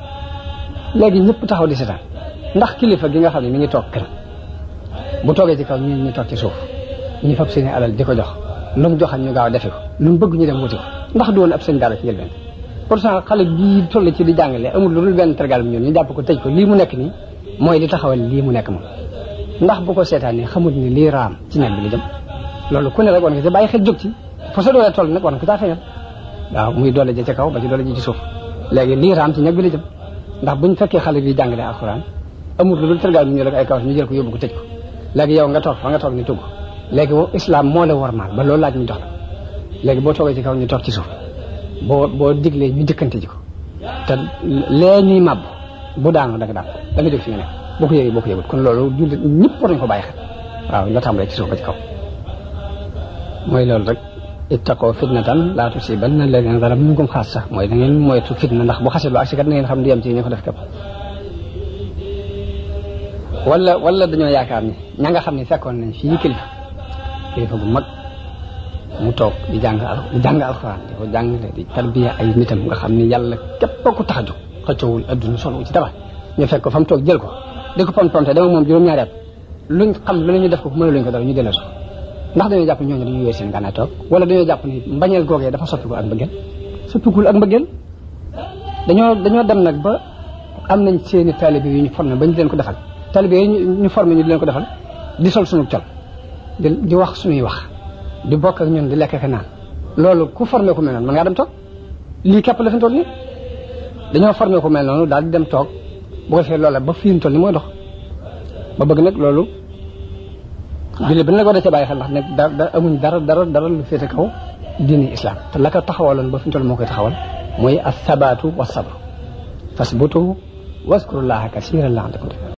léegi ñëpp taxaw di seetaan ndax kilifa gi nga xam ne mi ngi toog kër bu toogee ci kaw ñu ñu toog ci suuf ñu fab seeni alal di ko jox lu mu joxan ñu gaaw defe ko lu mu bëgg ñu dem wuti ko ndax du woon ab sëñ daara ci njëlbeen pourtant xale bii toll ci di jàngale amul lu dul benn tergal bu ñuul ñu jàpp ko tëj ko lii mu nekk nii mooy di taxawal lii mu nekk moom ndax bu ko seetaanee xamut ni lii raam ci nen bi la jëm loolu ku ne rek war nga ci bàyyi xel jóg ci fa sa doole toll nag war nga ko caa feeñal waaw muy doole ja ca kaw ba ci doole ci suuf léegi lii raam ci ñag bi la jëm ndax buñ fekkee xale bi jàngalee alxuraan amul lu dul tërgaal ñu rek ay kawas ñu jël ko ko tëj ko léegi yow nga toog fa nga toog ni tugg léegi wo islam moo la warmaal ba loolu laaj ñu dox la léegi boo toogee ci kaw ñu toog ci suuf boo boo diglee ñu jëkkante ji ko te lee ñu màbb bu daanoo da nga daan nga jóg fi nga boo ko yëgee boo ko yëgut kon loolu jullit ñëpp war nañu ko bàyyi xel waaw la tàmbalee ci suuf ba ci kaw mooy loolu rek ittaqoo fitnatan laa tusiibanna alladhiina zalamu minkum xaassa mooy da ngeen moytu fitna ndax bu xasee ba agsi kat na ngeen xam du yem ci ñu dañoo yaakaar ni ña nga xam ni fekkoon nañ fii kilifa kilifa bu mag mu toog di jàng al di jàng alxuraan di ko jàngale di tarbiya ay nitam nga xam ni yàlla képp ko tax a jóg xëccoowul adduna solo ci dara ñu fekk fa mu toog jël ko di ko pontonte dama mom juroom ñaari at luñ xam lu ñu def ko mëna luñ ko dara ñu delloo ndax dañoo jàpp ñooñu dañuy wéy seen gànnaay tok wala dañu japp ni mbagnel gogé dafa soppi ko ak mbagnel soppi ko ak mbagnel dañoo dañoo dem nak ba am nañ seeni taalibe yu ñu formé bañu leen ko defal taalibe yi ñu formé ñu leen ko defal di sol suñu tal di wax suñu wax di bok ak ñun di lekk ak naan loolu ku formé ko mel non man ngaa dem tok li képp la fi toll nii dañoo formé ko mel non dal di dem tok bu ko defee loola ba fi mu toll ni mooy dox ba bëgg nag loolu julli bi nag war a ca bàyyi xel ndax ne da da amuñ dara dara dara lu féete kaw diini islam te la ko taxawaloon ba fi mu toll moo koy taxawal mooy as sabaatu wa sabr fasbutu waskurullaha kasiran la'allakum